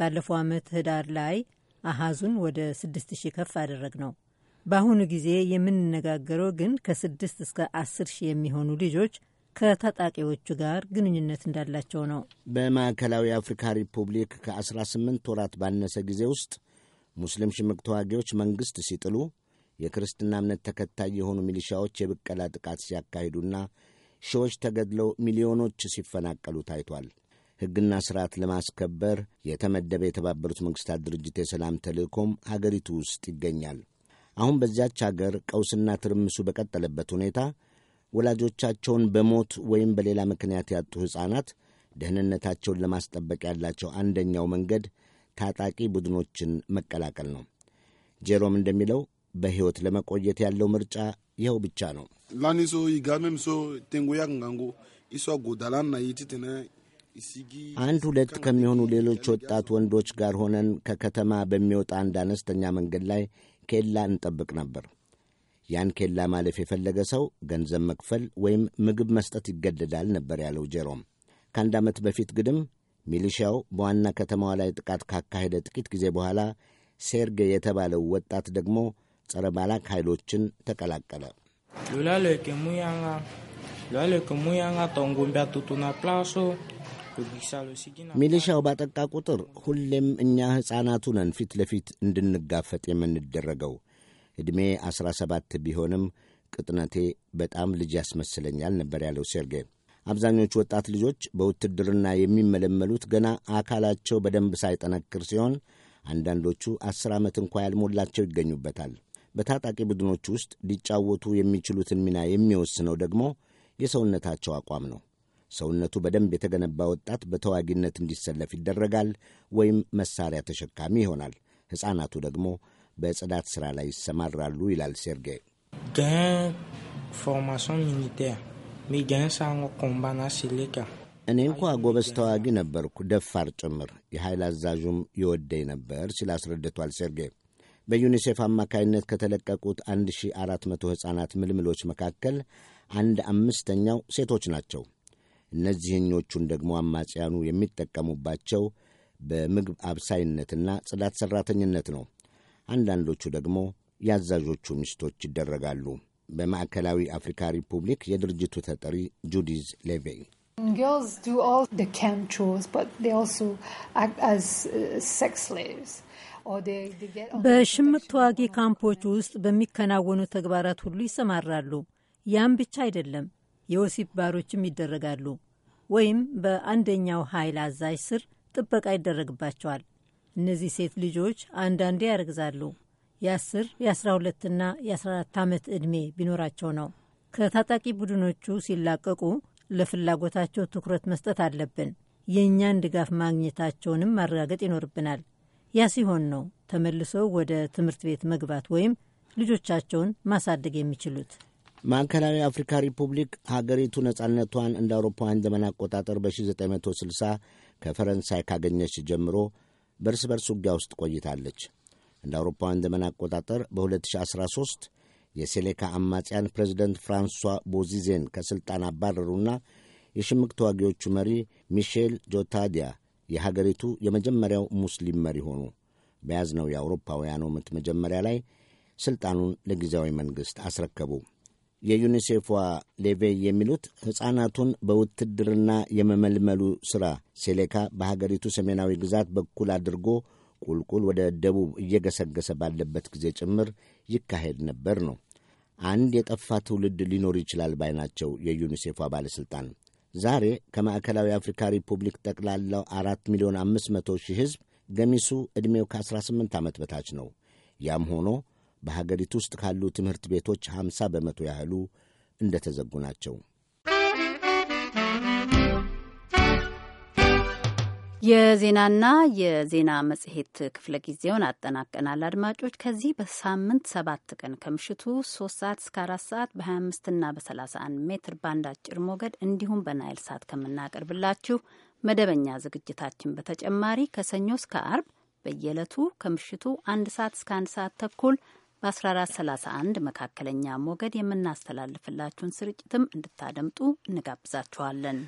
ባለፈው ዓመት ህዳር ላይ አሃዙን ወደ ስድስት ሺህ ከፍ አደረግ ነው። በአሁኑ ጊዜ የምንነጋገረው ግን ከስድስት እስከ አስር ሺህ የሚሆኑ ልጆች ከታጣቂዎቹ ጋር ግንኙነት እንዳላቸው ነው። በማዕከላዊ አፍሪካ ሪፑብሊክ ከ18 ወራት ባነሰ ጊዜ ውስጥ ሙስሊም ሽምቅ ተዋጊዎች መንግሥት ሲጥሉ የክርስትና እምነት ተከታይ የሆኑ ሚሊሻዎች የብቀላ ጥቃት ሲያካሂዱና ሺዎች ተገድለው ሚሊዮኖች ሲፈናቀሉ ታይቷል። ሕግና ሥርዓት ለማስከበር የተመደበ የተባበሩት መንግሥታት ድርጅት የሰላም ተልእኮም አገሪቱ ውስጥ ይገኛል። አሁን በዚያች አገር ቀውስና ትርምሱ በቀጠለበት ሁኔታ ወላጆቻቸውን በሞት ወይም በሌላ ምክንያት ያጡ ሕፃናት ደህንነታቸውን ለማስጠበቅ ያላቸው አንደኛው መንገድ ታጣቂ ቡድኖችን መቀላቀል ነው። ጄሮም እንደሚለው በሕይወት ለመቆየት ያለው ምርጫ ይኸው ብቻ ነው። አንድ ሁለት ከሚሆኑ ሌሎች ወጣት ወንዶች ጋር ሆነን ከከተማ በሚወጣ አንድ አነስተኛ መንገድ ላይ ኬላ እንጠብቅ ነበር። ያን ኬላ ማለፍ የፈለገ ሰው ገንዘብ መክፈል ወይም ምግብ መስጠት ይገደዳል ነበር ያለው ጄሮም። ከአንድ ዓመት በፊት ግድም ሚሊሺያው በዋና ከተማዋ ላይ ጥቃት ካካሄደ ጥቂት ጊዜ በኋላ ሴርጌ የተባለው ወጣት ደግሞ ጸረ ባላክ ኃይሎችን ተቀላቀለ። ሚሊሻው ባጠቃ ቁጥር ሁሌም እኛ ሕፃናቱ ነን ፊት ለፊት እንድንጋፈጥ የምንደረገው። ዕድሜ ዐሥራ ሰባት ቢሆንም ቅጥነቴ በጣም ልጅ ያስመስለኛል ነበር ያለው ሴርጌይ። አብዛኞቹ ወጣት ልጆች በውትድርና የሚመለመሉት ገና አካላቸው በደንብ ሳይጠነክር ሲሆን አንዳንዶቹ ዐሥር ዓመት እንኳ ያልሞላቸው ይገኙበታል። በታጣቂ ቡድኖች ውስጥ ሊጫወቱ የሚችሉትን ሚና የሚወስነው ደግሞ የሰውነታቸው አቋም ነው። ሰውነቱ በደንብ የተገነባ ወጣት በተዋጊነት እንዲሰለፍ ይደረጋል ወይም መሳሪያ ተሸካሚ ይሆናል። ሕፃናቱ ደግሞ በጽዳት ሥራ ላይ ይሰማራሉ ይላል ሴርጌይ። እኔ እንኳ ጎበዝ ተዋጊ ነበርኩ፣ ደፋር ጭምር። የኃይል አዛዡም ይወደኝ ነበር ሲል አስረድቷል ሴርጌይ። በዩኒሴፍ አማካይነት ከተለቀቁት 1400 ሕፃናት ምልምሎች መካከል አንድ አምስተኛው ሴቶች ናቸው። እነዚህኞቹን ደግሞ አማጽያኑ የሚጠቀሙባቸው በምግብ አብሳይነትና ጽዳት ሠራተኝነት ነው። አንዳንዶቹ ደግሞ የአዛዦቹ ሚስቶች ይደረጋሉ። በማዕከላዊ አፍሪካ ሪፑብሊክ የድርጅቱ ተጠሪ ጁዲዝ ሌቬይ Girls do all the camp chores, but they also በሽምቅ ተዋጊ ካምፖች ውስጥ በሚከናወኑ ተግባራት ሁሉ ይሰማራሉ። ያም ብቻ አይደለም፣ የወሲብ ባሮችም ይደረጋሉ፣ ወይም በአንደኛው ኃይል አዛዥ ስር ጥበቃ ይደረግባቸዋል። እነዚህ ሴት ልጆች አንዳንዴ ያረግዛሉ። የ10 የ12ና የ14 ዓመት ዕድሜ ቢኖራቸው ነው። ከታጣቂ ቡድኖቹ ሲላቀቁ ለፍላጎታቸው ትኩረት መስጠት አለብን። የእኛን ድጋፍ ማግኘታቸውንም ማረጋገጥ ይኖርብናል። ያ ሲሆን ነው ተመልሰው ወደ ትምህርት ቤት መግባት ወይም ልጆቻቸውን ማሳደግ የሚችሉት። ማዕከላዊ አፍሪካ ሪፑብሊክ ሀገሪቱ ነጻነቷን እንደ አውሮፓውያን ዘመን አቆጣጠር በ1960 ከፈረንሳይ ካገኘች ጀምሮ በእርስ በርስ ውጊያ ውስጥ ቆይታለች። እንደ አውሮፓውያን ዘመን አቆጣጠር በ2013 የሴሌካ አማጽያን ፕሬዚደንት ፍራንሷ ቦዚዜን ከሥልጣን አባረሩና የሽምቅ ተዋጊዎቹ መሪ ሚሼል ጆታዲያ የሀገሪቱ የመጀመሪያው ሙስሊም መሪ ሆኑ። በያዝነው የአውሮፓውያን ዓመት መጀመሪያ ላይ ሥልጣኑን ለጊዜያዊ መንግሥት አስረከቡ። የዩኒሴፏ ሌቬ የሚሉት ሕፃናቱን በውትድርና የመመልመሉ ሥራ ሴሌካ በሀገሪቱ ሰሜናዊ ግዛት በኩል አድርጎ ቁልቁል ወደ ደቡብ እየገሰገሰ ባለበት ጊዜ ጭምር ይካሄድ ነበር ነው። አንድ የጠፋ ትውልድ ሊኖር ይችላል ባይ ናቸው የዩኒሴፏ ባለሥልጣን። ዛሬ ከማዕከላዊ አፍሪካ ሪፑብሊክ ጠቅላላው አራት ሚሊዮን አምስት መቶ ሺህ ሕዝብ ገሚሱ ዕድሜው ከ18 ዓመት በታች ነው። ያም ሆኖ በሀገሪቱ ውስጥ ካሉ ትምህርት ቤቶች 50 በመቶ ያህሉ እንደተዘጉ ናቸው። የዜናና የዜና መጽሔት ክፍለ ጊዜውን አጠናቀናል። አድማጮች ከዚህ በሳምንት ሰባት ቀን ከምሽቱ ሶስት ሰዓት እስከ አራት ሰዓት በሀያ አምስትና በሰላሳ አንድ ሜትር ባንድ አጭር ሞገድ እንዲሁም በናይል ሳት ከምናቀርብላችሁ መደበኛ ዝግጅታችን በተጨማሪ ከሰኞ እስከ አርብ በየዕለቱ ከምሽቱ አንድ ሰዓት እስከ አንድ ሰዓት ተኩል በ1431 መካከለኛ ሞገድ የምናስተላልፍላችሁን ስርጭትም እንድታደምጡ እንጋብዛችኋለን።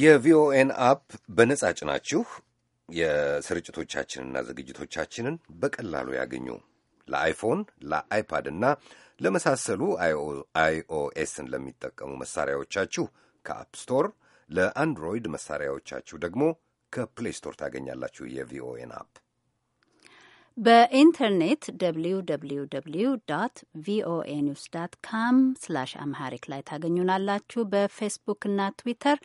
የቪኦኤን አፕ በነጻ ጭናችሁ የስርጭቶቻችንና ዝግጅቶቻችንን በቀላሉ ያገኙ። ለአይፎን፣ ለአይፓድ እና ለመሳሰሉ አይኦኤስን ለሚጠቀሙ መሳሪያዎቻችሁ ከአፕ ስቶር፣ ለአንድሮይድ መሳሪያዎቻችሁ ደግሞ ከፕሌይ ስቶር ታገኛላችሁ። የቪኦኤን አፕ በኢንተርኔት ደብልዩ ደብልዩ ደብልዩ ዶት ቪኦኤ ኒውስ ዶት ካም ስላሽ አምሃሪክ ላይ ታገኙናላችሁ። በፌስቡክ እና ትዊተር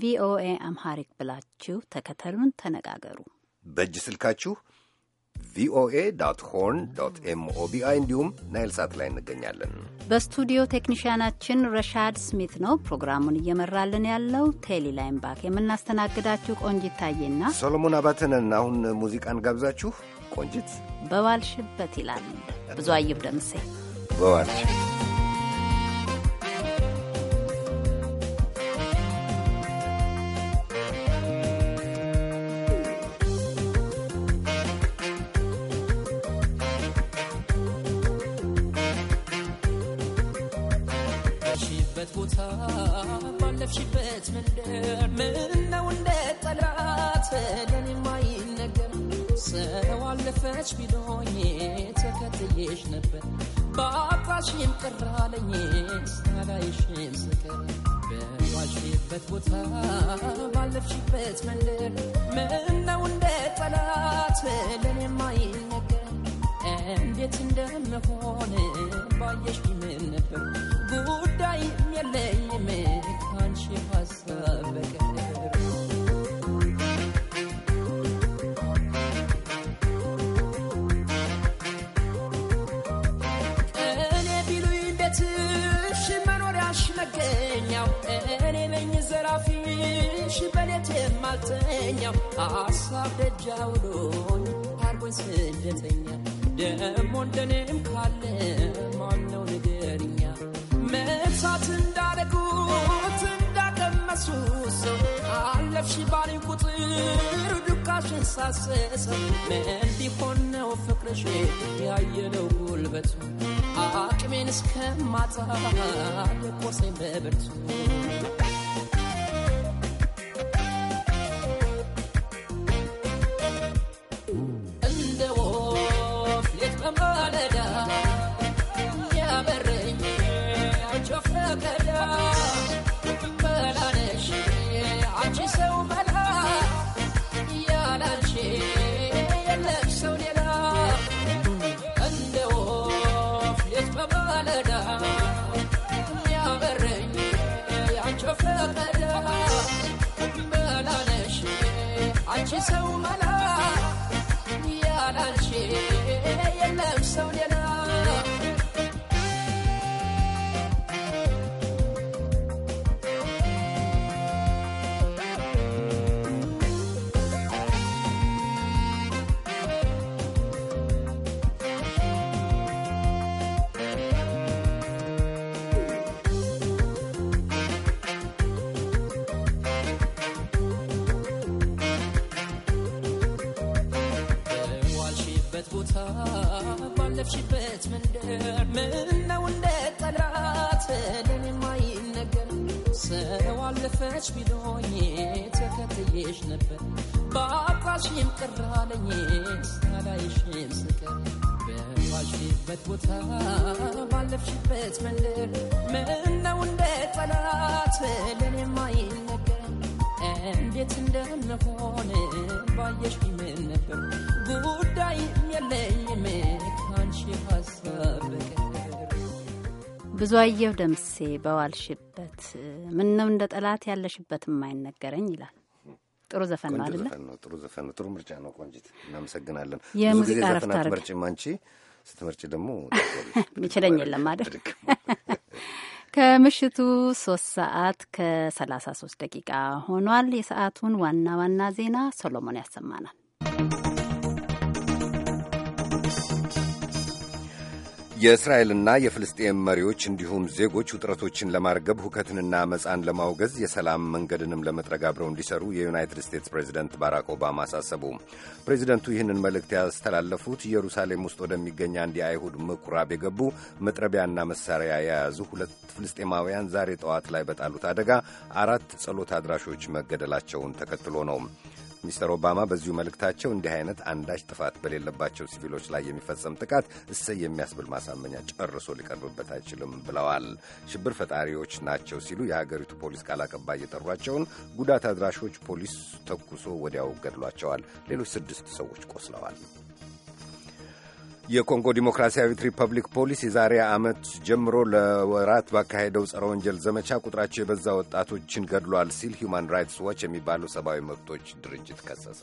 ቪኦኤ አምሃሪክ ብላችሁ ተከተሉን፣ ተነጋገሩ። በእጅ ስልካችሁ ቪኦኤ ዶት ሆርን ዶት ኤምኦቢአይ እንዲሁም ናይል ሳት ላይ እንገኛለን። በስቱዲዮ ቴክኒሽያናችን ረሻድ ስሚት ነው ፕሮግራሙን እየመራልን ያለው። ቴሊ ባክ የምናስተናግዳችሁ ቆንጂት ታዬና ሶሎሞን አባተነን። አሁን ሙዚቃን ጋብዛችሁ ቆንጂት በዋልሽበት ይላል ብዙ አይብ ደምሴ በዋልሽ ባለሽበት ቦታ ባለፍሽበት መንደር ምነው እንደ ጠላት ለኔ ማይነገር ሰው አለፈች ቢሎኝ ተከትዬሽ ነበር ባጣሽም ቅራለኝ ሳላይሽም ስቀር በዋሽበት ቦታ ባለፍሽበት መንደር ምነው እንደ ጠላት ለኔ ማይነገር እንዴት እንደምሆን ባየሽ ምን ነበር ጉዳይም የለኝም ከአንቺ ሀሳብ በቀር እኔ ቢሉኝ ቤትሽ መኖሪያሽ መገኛው እኔ ነኝ ዘራፊሽ በሌት የማልተኛው ሀሳብ ደጃ ውሎኝ ስደተኛ ደሞ እንደኔም ካለ ሺ ባሌ ቁጥር ዱካሽን ሳሰሰ እንዲሆን ነው ፍቅርሽ ያየለው ጉልበቱ አቅሜን እስከማጣ የቆሰኝ በብርቱ አንቺ ሰው መላ ያላንቺ የለም ሰው ሌላ ብዙ ብዙአየሁ ደምሴ በዋልሽበት ምን ነው እንደ ጠላት ያለሽበት የማይነገረኝ ይላል። ጥሩ ዘፈን ነው አይደለ? ጥሩ ዘፈን ነው። ጥሩ ምርጫ ነው ቆንጂት፣ እናመሰግናለን። የሙዚቃ ረፍት አድርግ ማንቺ ስትመርጭ ደግሞ ምችለኝ የለም አደርግ ከምሽቱ ሶስት ሰዓት ከሰላሳ ሶስት ደቂቃ ሆኗል። የሰዓቱን ዋና ዋና ዜና ሶሎሞን ያሰማናል። የእስራኤልና የፍልስጤም መሪዎች እንዲሁም ዜጎች ውጥረቶችን ለማርገብ ሁከትንና መጻን ለማውገዝ የሰላም መንገድንም ለመጥረግ አብረው እንዲሰሩ የዩናይትድ ስቴትስ ፕሬዚደንት ባራክ ኦባማ አሳሰቡ። ፕሬዚደንቱ ይህንን መልእክት ያስተላለፉት ኢየሩሳሌም ውስጥ ወደሚገኝ አንድ የአይሁድ ምኩራብ የገቡ መጥረቢያና መሳሪያ የያዙ ሁለት ፍልስጤማውያን ዛሬ ጠዋት ላይ በጣሉት አደጋ አራት ጸሎት አድራሾች መገደላቸውን ተከትሎ ነው። ሚስተር ኦባማ በዚሁ መልእክታቸው እንዲህ አይነት አንዳች ጥፋት በሌለባቸው ሲቪሎች ላይ የሚፈጸም ጥቃት እሰይ የሚያስብል ማሳመኛ ጨርሶ ሊቀርብበት አይችልም ብለዋል። ሽብር ፈጣሪዎች ናቸው ሲሉ የሀገሪቱ ፖሊስ ቃል አቀባይ የጠሯቸውን ጉዳት አድራሾች ፖሊስ ተኩሶ ወዲያው ገድሏቸዋል። ሌሎች ስድስት ሰዎች ቆስለዋል። የኮንጎ ዲሞክራሲያዊት ሪፐብሊክ ፖሊስ የዛሬ ዓመት ጀምሮ ለወራት ባካሄደው ጸረ ወንጀል ዘመቻ ቁጥራቸው የበዛ ወጣቶችን ገድሏል ሲል ሁማን ራይትስ ዋች የሚባለው ሰብአዊ መብቶች ድርጅት ከሰሰ።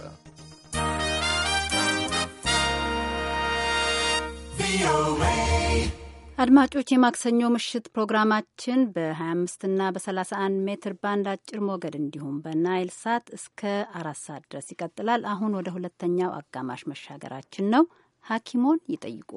አድማጮች የማክሰኞ ምሽት ፕሮግራማችን በ25 እና በ31 ሜትር ባንድ አጭር ሞገድ እንዲሁም በናይል ሳት እስከ አራት ሰዓት ድረስ ይቀጥላል። አሁን ወደ ሁለተኛው አጋማሽ መሻገራችን ነው። ሐኪሞን ይጠይቁ።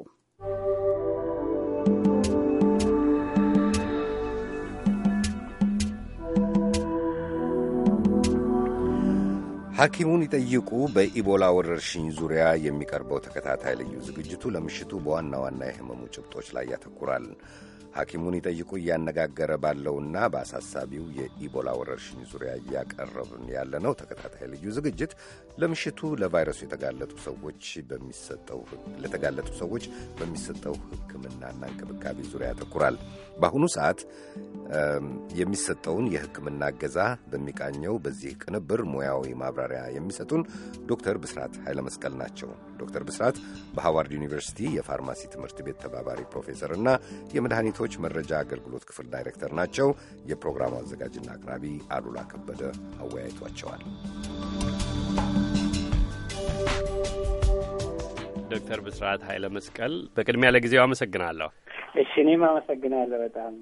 ሐኪሙን ይጠይቁ በኢቦላ ወረርሽኝ ዙሪያ የሚቀርበው ተከታታይ ልዩ ዝግጅቱ ለምሽቱ በዋና ዋና የህመሙ ጭብጦች ላይ ያተኩራል። ሐኪሙን ይጠይቁ እያነጋገረ ባለውና በአሳሳቢው የኢቦላ ወረርሽኝ ዙሪያ እያቀረብን ያለነው ተከታታይ ልዩ ዝግጅት ለምሽቱ ለቫይረሱ የተጋለጡ ሰዎች በሚሰጠው ለተጋለጡ ሰዎች በሚሰጠው ሕክምናና እንክብካቤ ዙሪያ ያተኩራል። በአሁኑ ሰዓት የሚሰጠውን የሕክምና እገዛ በሚቃኘው በዚህ ቅንብር ሙያዊ ማብራሪያ የሚሰጡን ዶክተር ብስራት ኃይለመስቀል ናቸው። ዶክተር ብስራት በሃዋርድ ዩኒቨርሲቲ የፋርማሲ ትምህርት ቤት ተባባሪ ፕሮፌሰር እና የመድኃኒቶች መረጃ አገልግሎት ክፍል ዳይሬክተር ናቸው። የፕሮግራሙ አዘጋጅና አቅራቢ አሉላ ከበደ አወያይቷቸዋል። ዶክተር ብስራት ኃይለ መስቀል በቅድሚያ ለጊዜው አመሰግናለሁ። እሺ እኔም አመሰግናለሁ በጣም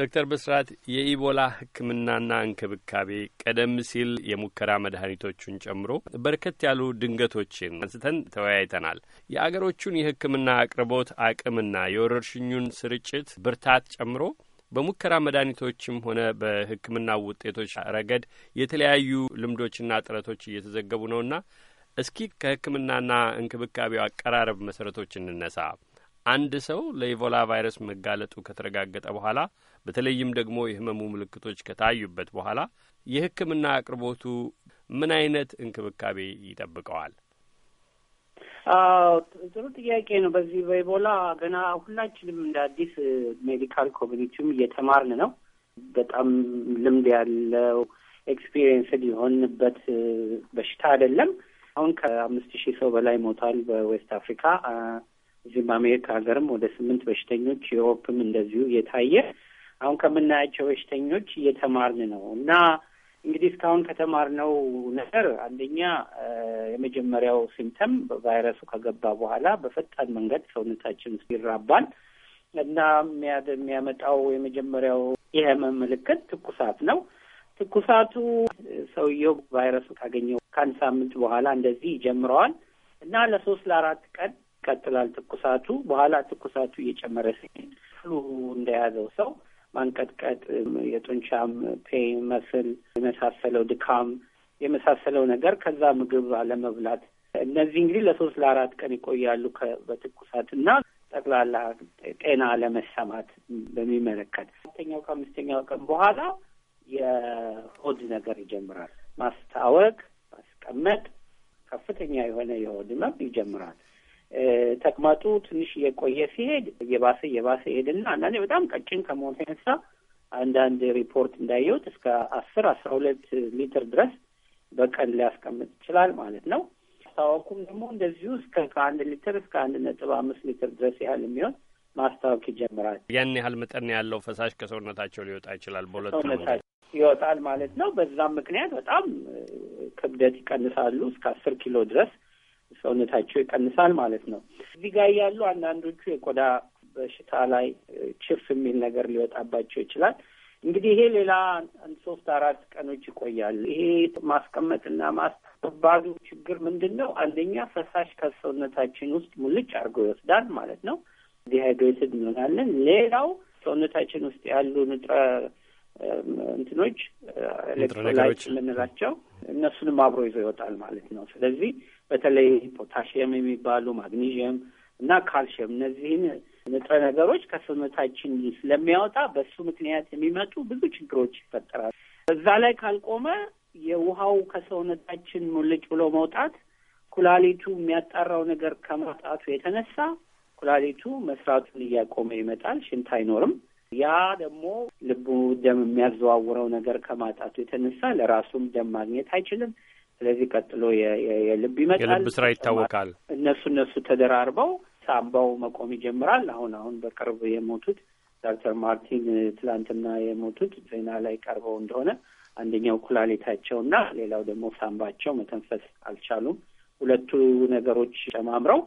ዶክተር ብስራት የኢቦላ ሕክምናና እንክብካቤ ቀደም ሲል የሙከራ መድኃኒቶቹን ጨምሮ በርከት ያሉ ድንገቶችን አንስተን ተወያይተናል። የአገሮቹን የሕክምና አቅርቦት አቅምና የወረርሽኙን ስርጭት ብርታት ጨምሮ በሙከራ መድኃኒቶችም ሆነ በሕክምና ውጤቶች ረገድ የተለያዩ ልምዶችና ጥረቶች እየተዘገቡ ነውና እስኪ ከሕክምናና እንክብካቤው አቀራረብ መሰረቶች እንነሳ። አንድ ሰው ለኢቦላ ቫይረስ መጋለጡ ከተረጋገጠ በኋላ በተለይም ደግሞ የህመሙ ምልክቶች ከታዩበት በኋላ የሕክምና አቅርቦቱ ምን አይነት እንክብካቤ ይጠብቀዋል? ጥሩ ጥያቄ ነው። በዚህ በኢቦላ ገና ሁላችንም እንደ አዲስ ሜዲካል ኮሚኒቲም እየተማርን ነው። በጣም ልምድ ያለው ኤክስፒሪየንስ ሊሆንበት በሽታ አይደለም። አሁን ከአምስት ሺህ ሰው በላይ ሞቷል በዌስት አፍሪካ። እዚህም በአሜሪካ ሀገርም ወደ ስምንት በሽተኞች ዩሮፕም እንደዚሁ እየታየ አሁን ከምናያቸው በሽተኞች እየተማርን ነው እና እንግዲህ እስካሁን ከተማርነው ነገር አንደኛ የመጀመሪያው ሲምተም ቫይረሱ ከገባ በኋላ በፈጣን መንገድ ሰውነታችን ውስጥ ይራባል እና የሚያመጣው የመጀመሪያው የህመም ምልክት ትኩሳት ነው። ትኩሳቱ ሰውየው ቫይረሱ ካገኘው ከአንድ ሳምንት በኋላ እንደዚህ ይጀምረዋል እና ለሶስት ለአራት ቀን ይቀጥላል ትኩሳቱ። በኋላ ትኩሳቱ እየጨመረ ሲሄድ ፍሉ እንደያዘው ሰው ማንቀጥቀጥ፣ የጡንቻም ፔን፣ መስል የመሳሰለው ድካም የመሳሰለው ነገር ከዛ ምግብ አለመብላት እነዚህ እንግዲህ ለሶስት ለአራት ቀን ይቆያሉ። በትኩሳት እና ጠቅላላ ጤና አለመሰማት በሚመለከት አራተኛው ከአምስተኛው ቀን በኋላ የሆድ ነገር ይጀምራል። ማስታወቅ ማስቀመጥ፣ ከፍተኛ የሆነ የሆድ ህመም ይጀምራል። ተቅማጡ ትንሽ እየቆየ ሲሄድ እየባሰ እየባሰ ይሄድና አንዳንዴ በጣም ቀጭን ከመሆኑ የተነሳ አንዳንድ ሪፖርት እንዳየሁት እስከ አስር አስራ ሁለት ሊትር ድረስ በቀን ሊያስቀምጥ ይችላል ማለት ነው። ማስታወኩም ደግሞ እንደዚሁ እስከ ከአንድ ሊትር እስከ አንድ ነጥብ አምስት ሊትር ድረስ ያህል የሚሆን ማስታወክ ይጀምራል። ያን ያህል መጠን ያለው ፈሳሽ ከሰውነታቸው ሊወጣ ይችላል በሁለት ይወጣል ማለት ነው። በዛም ምክንያት በጣም ክብደት ይቀንሳሉ። እስከ አስር ኪሎ ድረስ ሰውነታቸው ይቀንሳል ማለት ነው። እዚህ ጋር ያሉ አንዳንዶቹ የቆዳ በሽታ ላይ ችፍ የሚል ነገር ሊወጣባቸው ይችላል። እንግዲህ ይሄ ሌላ አንድ ሶስት አራት ቀኖች ይቆያል። ይሄ ማስቀመጥና ማስባሉ ችግር ምንድን ነው? አንደኛ ፈሳሽ ከሰውነታችን ውስጥ ሙልጭ አድርጎ ይወስዳል ማለት ነው። ዲሃይድሬትድ እንሆናለን። ሌላው ሰውነታችን ውስጥ ያሉ ንጥረ እንትኖች ኤሌክትሮላይት የምንላቸው እነሱንም አብሮ ይዞ ይወጣል ማለት ነው። ስለዚህ በተለይ ፖታሽየም የሚባሉ ማግኒዥየም እና ካልሽየም እነዚህን ንጥረ ነገሮች ከሰውነታችን ስለሚያወጣ በሱ ምክንያት የሚመጡ ብዙ ችግሮች ይፈጠራል። እዛ ላይ ካልቆመ የውሃው ከሰውነታችን ሙልጭ ብሎ መውጣት ኩላሊቱ የሚያጣራው ነገር ከማጣቱ የተነሳ ኩላሊቱ መስራቱን እያቆመ ይመጣል። ሽንት አይኖርም። ያ ደግሞ ልቡ ደም የሚያዘዋውረው ነገር ከማጣቱ የተነሳ ለራሱም ደም ማግኘት አይችልም። ስለዚህ ቀጥሎ የልብ ይመጣል። የልብ ስራ ይታወቃል። እነሱ እነሱ ተደራርበው ሳምባው መቆም ይጀምራል። አሁን አሁን በቅርብ የሞቱት ዶክተር ማርቲን ትላንትና የሞቱት ዜና ላይ ቀርበው እንደሆነ አንደኛው ኩላሊታቸው እና ሌላው ደግሞ ሳምባቸው መተንፈስ አልቻሉም። ሁለቱ ነገሮች ጨማምረው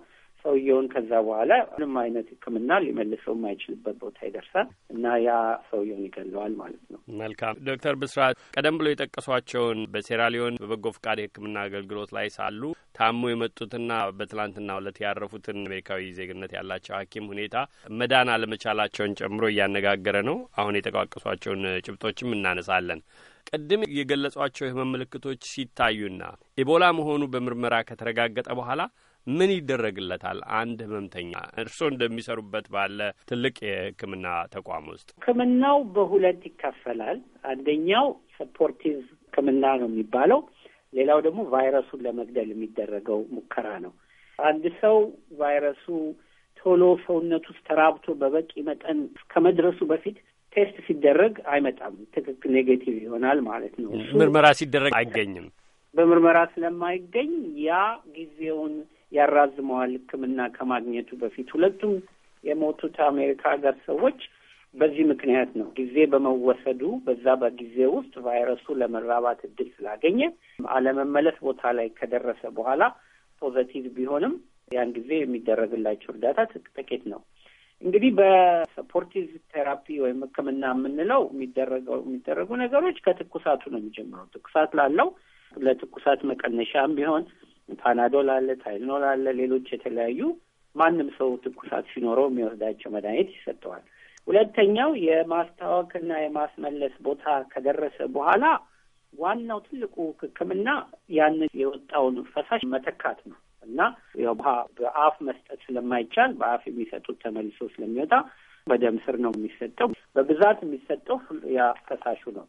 ሰውየውን ከዛ በኋላ ምንም አይነት ሕክምና ሊመልሰው የማይችልበት ቦታ ይደርሳል እና ያ ሰውየውን ይገለዋል ማለት ነው። መልካም ዶክተር ብስራት ቀደም ብሎ የጠቀሷቸውን በሴራሊዮን በበጎ ፈቃድ የሕክምና አገልግሎት ላይ ሳሉ ታሞ የመጡትና በትላንትና ዕለት ያረፉትን አሜሪካዊ ዜግነት ያላቸው ሐኪም ሁኔታ መዳን አለመቻላቸውን ጨምሮ እያነጋገረ ነው። አሁን የጠቃቀሷቸውን ጭብጦችም እናነሳለን። ቅድም የገለጿቸው የህመም ምልክቶች ሲታዩና ኢቦላ መሆኑ በምርመራ ከተረጋገጠ በኋላ ምን ይደረግለታል? አንድ ህመምተኛ እርስዎ እንደሚሰሩበት ባለ ትልቅ የህክምና ተቋም ውስጥ ህክምናው በሁለት ይከፈላል። አንደኛው ሰፖርቲቭ ህክምና ነው የሚባለው፣ ሌላው ደግሞ ቫይረሱን ለመግደል የሚደረገው ሙከራ ነው። አንድ ሰው ቫይረሱ ቶሎ ሰውነት ውስጥ ተራብቶ በበቂ መጠን ከመድረሱ በፊት ቴስት ሲደረግ አይመጣም። ትክክል ኔጌቲቭ ይሆናል ማለት ነው። ምርመራ ሲደረግ አይገኝም። በምርመራ ስለማይገኝ ያ ጊዜውን ያራዝመዋል ሕክምና ከማግኘቱ በፊት። ሁለቱም የሞቱት አሜሪካ ሀገር ሰዎች በዚህ ምክንያት ነው። ጊዜ በመወሰዱ በዛ በጊዜ ውስጥ ቫይረሱ ለመራባት እድል ስላገኘ አለመመለስ ቦታ ላይ ከደረሰ በኋላ ፖዘቲቭ ቢሆንም ያን ጊዜ የሚደረግላቸው እርዳታ ጥቂት ነው። እንግዲህ በሰፖርቲቭ ቴራፒ ወይም ህክምና የምንለው የሚደረገው የሚደረጉ ነገሮች ከትኩሳቱ ነው የሚጀምረው። ትኩሳት ላለው ለትኩሳት መቀነሻም ቢሆን ፓናዶል አለ፣ ታይልኖል አለ፣ ሌሎች የተለያዩ ማንም ሰው ትኩሳት ሲኖረው የሚወስዳቸው መድኃኒት ይሰጠዋል። ሁለተኛው የማስታወክና የማስመለስ ቦታ ከደረሰ በኋላ ዋናው ትልቁ ሕክምና ያንን የወጣውን ፈሳሽ መተካት ነው እና ያው በአፍ መስጠት ስለማይቻል በአፍ የሚሰጡት ተመልሶ ስለሚወጣ በደም ስር ነው የሚሰጠው። በብዛት የሚሰጠው ያ ፈሳሹ ነው።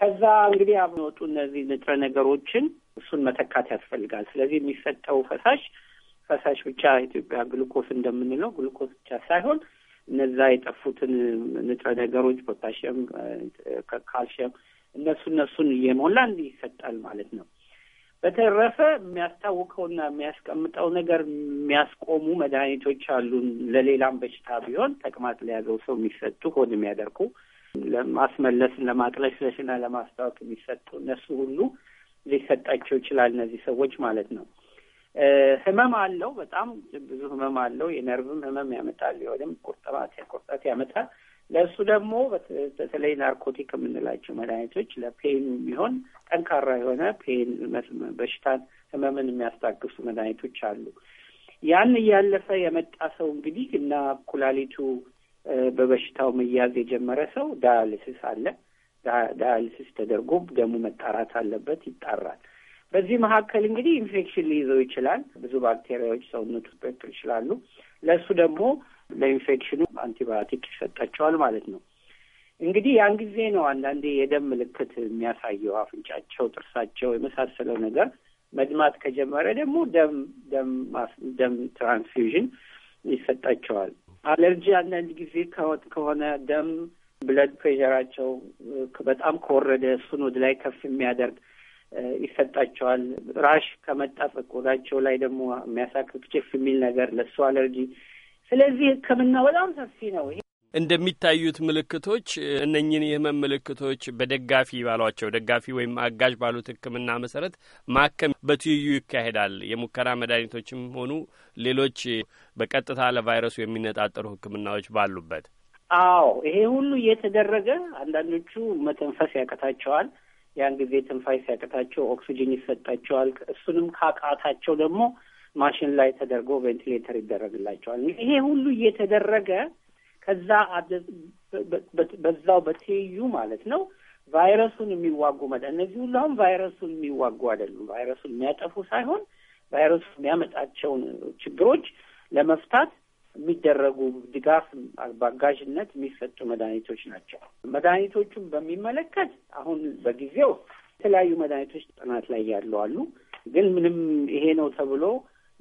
ከዛ እንግዲህ የሚወጡ እነዚህ ንጥረ ነገሮችን እሱን መተካት ያስፈልጋል። ስለዚህ የሚሰጠው ፈሳሽ ፈሳሽ ብቻ ኢትዮጵያ ግሉኮስ እንደምንለው ግሉኮስ ብቻ ሳይሆን እነዛ የጠፉትን ንጥረ ነገሮች ፖታሽየም፣ ካልሽየም እነሱ እነሱን እየሞላ እንዲህ ይሰጣል ማለት ነው። በተረፈ የሚያስታውቀውና የሚያስቀምጠው ነገር የሚያስቆሙ መድኃኒቶች አሉን። ለሌላም በሽታ ቢሆን ተቅማጥ ለያዘው ሰው የሚሰጡ ሆን የሚያደርጉ ለማስመለስ ለማቅለሽለሽና ለማስታወቅ የሚሰጡ እነሱ ሁሉ ሊሰጣቸው ይችላል። እነዚህ ሰዎች ማለት ነው። ህመም አለው፣ በጣም ብዙ ህመም አለው። የነርቭም ህመም ያመጣል፣ ሊሆንም ቁርጥማት ቁርጠት ያመጣል። ለእሱ ደግሞ በተለይ ናርኮቲክ የምንላቸው መድኃኒቶች ለፔን የሚሆን ጠንካራ የሆነ ፔን በሽታን ህመምን የሚያስታግሱ መድኃኒቶች አሉ። ያን እያለፈ የመጣ ሰው እንግዲህ እና ኩላሊቱ በበሽታው መያዝ የጀመረ ሰው ዳያሊሲስ አለ። ዳያሊሲስ ተደርጎ ደሙ መጣራት አለበት፣ ይጣራል። በዚህ መካከል እንግዲህ ኢንፌክሽን ሊይዘው ይችላል። ብዙ ባክቴሪያዎች ሰውነቱ ሊጠጡ ይችላሉ። ለእሱ ደግሞ ለኢንፌክሽኑ አንቲባዮቲክ ይሰጣቸዋል ማለት ነው። እንግዲህ ያን ጊዜ ነው አንዳንዴ የደም ምልክት የሚያሳየው አፍንጫቸው፣ ጥርሳቸው የመሳሰለው ነገር መድማት ከጀመረ ደግሞ ደም ደም ደም ይሰጣቸዋል። አለርጂ አንዳንድ ጊዜ ከሆነ ደም ብለድ ፕሬሸራቸው በጣም ከወረደ እሱን ወደ ላይ ከፍ የሚያደርግ ይሰጣቸዋል። ራሽ ከመጣፈቅ ቆዳቸው ላይ ደግሞ የሚያሳክክ ጭፍ የሚል ነገር ለእሱ አለርጂ። ስለዚህ ሕክምና በጣም ሰፊ ነው። እንደሚታዩት ምልክቶች እነኝን የህመም ምልክቶች በደጋፊ ባሏቸው ደጋፊ ወይም አጋዥ ባሉት ህክምና መሰረት ማከም በትይዩ ይካሄዳል። የሙከራ መድኃኒቶችም ሆኑ ሌሎች በቀጥታ ለቫይረሱ የሚነጣጠሩ ህክምናዎች ባሉበት አዎ ይሄ ሁሉ እየተደረገ አንዳንዶቹ መተንፈስ ያቀታቸዋል። ያን ጊዜ ትንፋይ ሲያቀታቸው ኦክሲጅን ይሰጣቸዋል። እሱንም ካቃታቸው ደግሞ ማሽን ላይ ተደርጎ ቬንቲሌተር ይደረግላቸዋል። ይሄ ሁሉ እየተደረገ ከዛ በዛው በትይዩ ማለት ነው ቫይረሱን የሚዋጉ መ እነዚህ ሁሉ አሁን ቫይረሱን የሚዋጉ አይደሉም። ቫይረሱን የሚያጠፉ ሳይሆን ቫይረሱ የሚያመጣቸውን ችግሮች ለመፍታት የሚደረጉ ድጋፍ በአጋዥነት የሚሰጡ መድኃኒቶች ናቸው። መድኃኒቶቹን በሚመለከት አሁን በጊዜው የተለያዩ መድኃኒቶች ጥናት ላይ ያሉ አሉ። ግን ምንም ይሄ ነው ተብሎ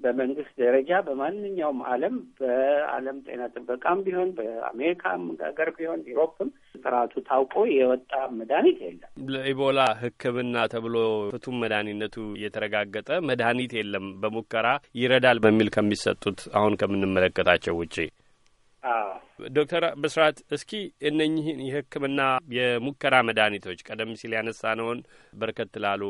በመንግስት ደረጃ በማንኛውም ዓለም በዓለም ጤና ጥበቃም ቢሆን በአሜሪካም ሀገር ቢሆን ዩሮፕም ጥራቱ ታውቆ የወጣ መድኃኒት የለም። ለኢቦላ ሕክምና ተብሎ ፍቱም መድኃኒነቱ የተረጋገጠ መድኃኒት የለም። በሙከራ ይረዳል በሚል ከሚሰጡት አሁን ከምንመለከታቸው ውጪ ዶክተር ብስራት እስኪ እነኚህን የህክምና የሙከራ መድኃኒቶች ቀደም ሲል ያነሳነውን በርከት ላሉ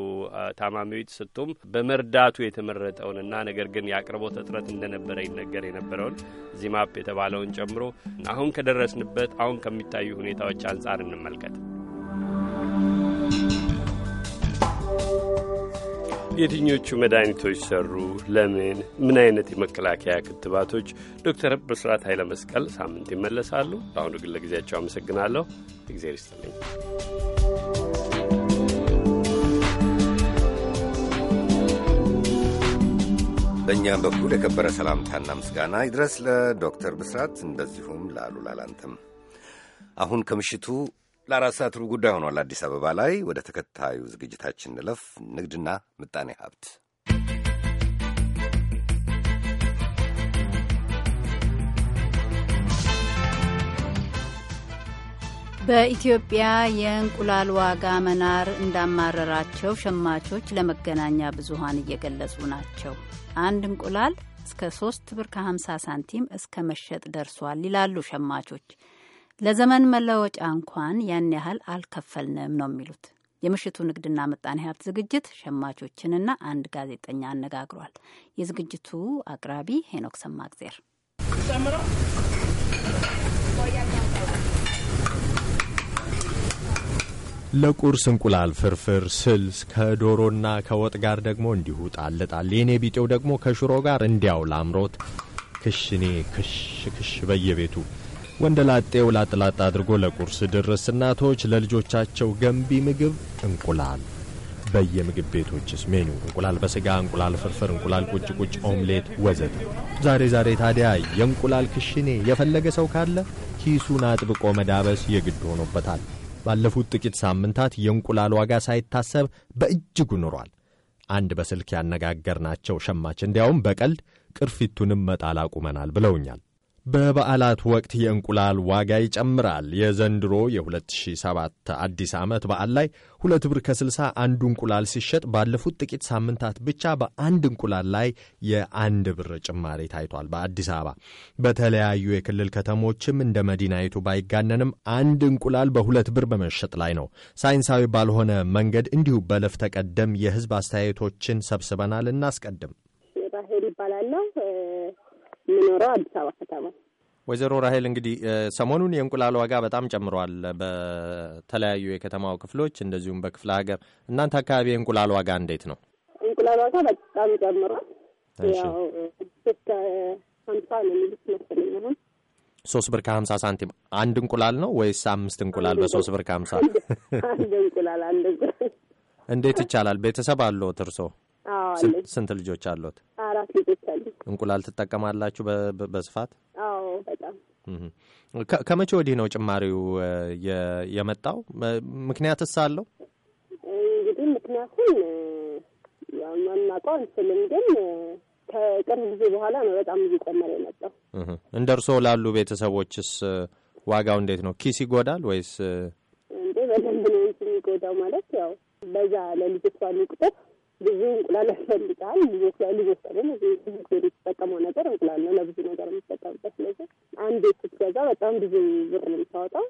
ታማሚዎች ስቱም በመርዳቱ የተመረጠውንና ነገር ግን የአቅርቦት እጥረት እንደነበረ ይነገር የነበረውን ዚማፕ የተባለውን ጨምሮ አሁን ከደረስንበት አሁን ከሚታዩ ሁኔታዎች አንጻር እንመልከት። የትኞቹ መድኃኒቶች ሰሩ? ለምን? ምን አይነት የመከላከያ ክትባቶች? ዶክተር ብስራት ኃይለ መስቀል ሳምንት ይመለሳሉ። በአሁኑ ግን ለጊዜያቸው አመሰግናለሁ። እግዜር ይስጥልኝ። በእኛም በኩል የከበረ ሰላምታና ምስጋና ይድረስ ለዶክተር ብስራት እንደዚሁም ላሉ ላላንተም አሁን ከምሽቱ ለአራት ሰዓት ሩብ ጉዳይ ሆኗል አዲስ አበባ ላይ። ወደ ተከታዩ ዝግጅታችን እንለፍ። ንግድና ምጣኔ ሀብት በኢትዮጵያ የእንቁላል ዋጋ መናር እንዳማረራቸው ሸማቾች ለመገናኛ ብዙሃን እየገለጹ ናቸው። አንድ እንቁላል እስከ 3 ብር ከ50 ሳንቲም እስከ መሸጥ ደርሷል ይላሉ ሸማቾች። ለዘመን መለወጫ እንኳን ያን ያህል አልከፈልንም ነው የሚሉት። የምሽቱ ንግድና ምጣኔ ሀብት ዝግጅት ሸማቾችንና አንድ ጋዜጠኛ አነጋግሯል። የዝግጅቱ አቅራቢ ሄኖክ ሰማግዜር ለቁርስ እንቁላል ፍርፍር፣ ስልስ ከዶሮና ከወጥ ጋር ደግሞ እንዲሁ ጣል ጣል፣ የኔ ቢጤው ደግሞ ከሽሮ ጋር እንዲያው ላምሮት ክሽኔ ክሽ ክሽ በየቤቱ ላጤው ላጥላጥ አድርጎ ለቁርስ ድረስ እናቶች ለልጆቻቸው ገንቢ ምግብ እንቁላል በየምግብ ቤቶችስ ሜኑ እንቁላል በስጋ፣ እንቁላል ፍርፍር፣ እንቁላል ቁጭ ቁጭ፣ ኦምሌት ወዘተ። ዛሬ ዛሬ ታዲያ የእንቁላል ክሽኔ የፈለገ ሰው ካለ ኪሱን አጥብቆ መዳበስ የግድ ሆኖበታል። ባለፉት ጥቂት ሳምንታት የእንቁላል ዋጋ ሳይታሰብ በእጅጉ ኑሯል። አንድ በስልክ ያነጋገርናቸው ሸማች እንዲያውም በቀልድ ቅርፊቱንም መጣል አቁመናል ብለውኛል። በበዓላት ወቅት የእንቁላል ዋጋ ይጨምራል። የዘንድሮ የ2007 አዲስ ዓመት በዓል ላይ ሁለት ብር ከ60 አንዱ እንቁላል ሲሸጥ ባለፉት ጥቂት ሳምንታት ብቻ በአንድ እንቁላል ላይ የአንድ ብር ጭማሪ ታይቷል። በአዲስ አበባ በተለያዩ የክልል ከተሞችም እንደ መዲናይቱ ባይጋነንም አንድ እንቁላል በሁለት ብር በመሸጥ ላይ ነው። ሳይንሳዊ ባልሆነ መንገድ እንዲሁ በለፍ ተቀደም የህዝብ አስተያየቶችን ሰብስበናል። እናስቀድም። ባህር ይባላለው የምኖረው አዲስ አበባ ከተማ። ወይዘሮ ራሄል እንግዲህ ሰሞኑን የእንቁላል ዋጋ በጣም ጨምሯል፣ በተለያዩ የከተማው ክፍሎች እንደዚሁም በክፍለ ሀገር። እናንተ አካባቢ የእንቁላል ዋጋ እንዴት ነው? እንቁላል ዋጋ በጣም ጨምሯል። ያው ሀምሳ ነው የሚሉት መሰለኝ ሶስት ብር ከሀምሳ ሳንቲም አንድ እንቁላል ነው ወይስ አምስት እንቁላል በሶስት ብር ከሀምሳ አንድ እንቁላል አንድ እንዴት ይቻላል ቤተሰብ አለዎት እርስዎ ስንት ልጆች አለዎት አራት ልጆች አሉት እንቁላል ትጠቀማላችሁ በስፋት? አዎ በጣም። ከመቼ ወዲህ ነው ጭማሪው የመጣው? ምክንያትስ አለው? እንግዲህ ምክንያቱም ያው የማናውቀው አንችልም፣ ግን ከቅርብ ጊዜ በኋላ ነው በጣም እየጨመረ የመጣው። እንደ እርሶ ላሉ ቤተሰቦችስ ዋጋው እንዴት ነው? ኪስ ይጎዳል ወይስ? እንዴ በደንብ ነው እንጂ የሚጎዳው ማለት ያው በዛ ለልጆች ባሉ ቁጥር ብዙ እንቁላል ያስፈልጋል። ልጆች ላይ ልጆች ደግሞ ብዙ ጊዜ የሚጠቀመው ነገር እንቁላል ነው፣ ለብዙ ነገር የሚጠቀምበት። ስለዚህ አንድ ስትገዛ በጣም ብዙ ብር ነው የምታወጣው።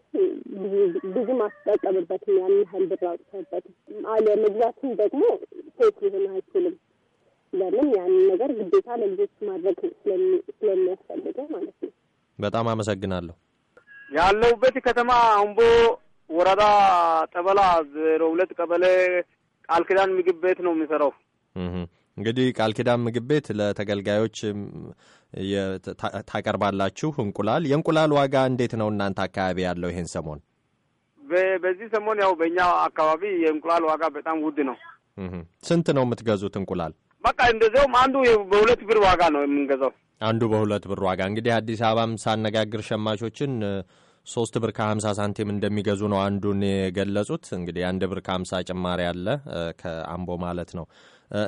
ብዙ ማስጠቀምበት ያን ያህል ብር አውጥተበት አለ መግዛትም ደግሞ ሴት ሊሆን አይችልም። ለምን ያንን ነገር ግዴታ ለልጆች ማድረግ ስለሚያስፈልገው ማለት ነው። በጣም አመሰግናለሁ። ያለሁበት ከተማ አምቦ ወረዳ ጠበላ ዜሮ ሁለት ቀበሌ ቃል ኪዳን ምግብ ቤት ነው የሚሰራው። እንግዲህ ቃል ኪዳን ምግብ ቤት ለተገልጋዮች ታቀርባላችሁ እንቁላል። የእንቁላል ዋጋ እንዴት ነው እናንተ አካባቢ ያለው ይሄን ሰሞን? በዚህ ሰሞን ያው በእኛ አካባቢ የእንቁላል ዋጋ በጣም ውድ ነው። ስንት ነው የምትገዙት እንቁላል? በቃ እንደዚያውም አንዱ በሁለት ብር ዋጋ ነው የምንገዛው። አንዱ በሁለት ብር ዋጋ እንግዲህ አዲስ አበባም ሳነጋግር ሸማቾችን ሶስት ብር ከሀምሳ ሳንቲም እንደሚገዙ ነው አንዱን የገለጹት። እንግዲህ አንድ ብር ከሀምሳ ጭማሪ አለ ከአምቦ ማለት ነው።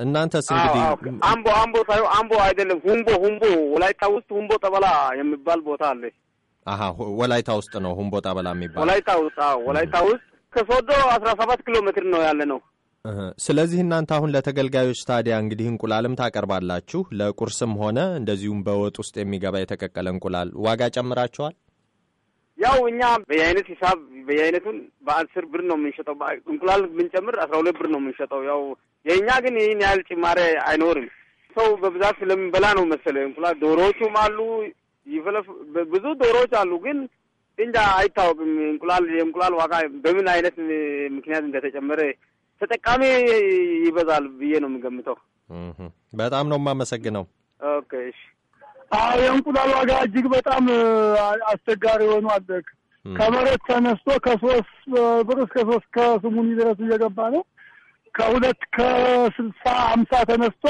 እናንተስ እንግዲህ አምቦ አምቦ ሳይሆን አምቦ አይደለም፣ ሁምቦ ሁምቦ ወላይታ ውስጥ ሁምቦ ጠበላ የሚባል ቦታ አለ። አሀ ወላይታ ውስጥ ነው ሁምቦ ጠበላ የሚባል ወላይታ ውስጥ። አዎ ወላይታ ውስጥ ከሶዶ አስራ ሰባት ኪሎ ሜትር ነው ያለ ነው። ስለዚህ እናንተ አሁን ለተገልጋዮች ታዲያ እንግዲህ እንቁላልም ታቀርባላችሁ። ለቁርስም ሆነ እንደዚሁም በወጥ ውስጥ የሚገባ የተቀቀለ እንቁላል ዋጋ ጨምራችኋል? ያው እኛ በየአይነት ሂሳብ በየአይነቱን በአስር ብር ነው የምንሸጠው። እንቁላል ብንጨምር አስራ ሁለት ብር ነው የምንሸጠው። ያው የእኛ ግን ይህን ያህል ጭማሪ አይኖርም። ሰው በብዛት ስለምንበላ ነው መሰለ እንቁላል። ዶሮዎቹም አሉ ይፈለፍ ብዙ ዶሮዎች አሉ ግን እንጃ አይታወቅም። እንቁላል የእንቁላል ዋጋ በምን አይነት ምክንያት እንደተጨመረ ተጠቃሚ ይበዛል ብዬ ነው የምገምተው። በጣም ነው የማመሰግነው። ኦኬ እሺ። የእንቁላል ዋጋ እጅግ በጣም አስቸጋሪ የሆኑ አደግ ከመሬት ተነስቶ ከሶስት ብር እስከ ሶስት ከስሙኒ ድረስ እየገባ ነው። ከሁለት ከስልሳ አምሳ ተነስቶ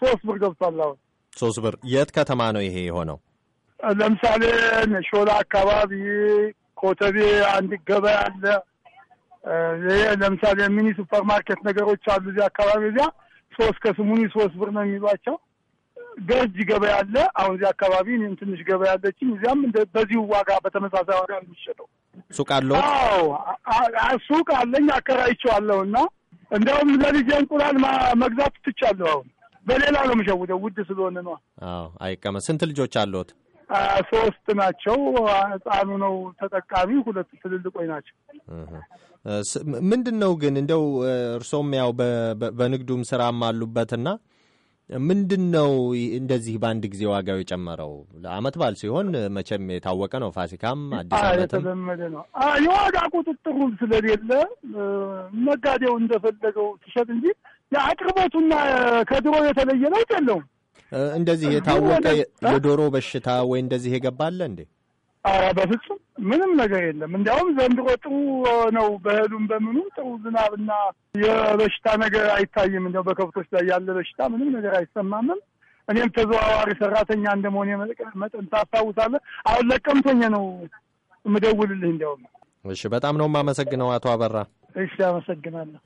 ሶስት ብር ገብቷል። አሁን ሶስት ብር። የት ከተማ ነው ይሄ የሆነው? ለምሳሌ ሾላ አካባቢ፣ ኮተቤ አንድ ገበያ አለ። ይሄ ለምሳሌ ሚኒ ሱፐር ማርኬት ነገሮች አሉ እዚህ አካባቢ። እዚያ ሶስት ከስሙኒ ሶስት ብር ነው የሚሏቸው። ገዝ ገበያ አለ። አሁን እዚህ አካባቢ እኔም ትንሽ ገበያ አለችኝ። እዚያም በዚሁ ዋጋ በተመሳሳይ ዋጋ የሚሸጠው ሱቅ አለው። ሱቅ አለኝ፣ አከራይቼዋለሁ እና እንዲያውም ለልጄ እንቁላል መግዛት ትቻለሁ። አሁን በሌላ ነው የምሸውደው፣ ውድ ስለሆነ ነ አይቀመ ስንት ልጆች አለት? ሶስት ናቸው። ህፃኑ ነው ተጠቃሚ፣ ሁለት ትልልቆች ናቸው። ምንድን ነው ግን እንደው እርሶም ያው በንግዱም ስራም አሉበትና ምንድን ነው እንደዚህ በአንድ ጊዜ ዋጋው የጨመረው? ለአመት በዓል ሲሆን መቼም የታወቀ ነው። ፋሲካም አዲስ ዓመትም የተለመደ ነው። የዋጋ ቁጥጥሩም ስለሌለ ነጋዴው እንደፈለገው ትሸጥ እንጂ አቅርቦቱና ከድሮ የተለየ ለውጥ የለውም። እንደዚህ የታወቀ የዶሮ በሽታ ወይ እንደዚህ የገባ እንዴ? አረ በፍጹም ምንም ነገር የለም። እንዲያውም ዘንድሮ ጥሩ ነው። በእህሉም በምኑም ጥሩ ዝናብና የበሽታ ነገር አይታይም። እንዲያው በከብቶች ላይ ያለ በሽታ ምንም ነገር አይሰማምም። እኔም ተዘዋዋሪ ሰራተኛ እንደመሆን መጠን ታስታውሳለህ፣ አሁን ለቀምተኛ ነው የምደውልልህ። እንዲያውም እሺ፣ በጣም ነው የማመሰግነው አቶ አበራ። እሺ፣ አመሰግናለሁ።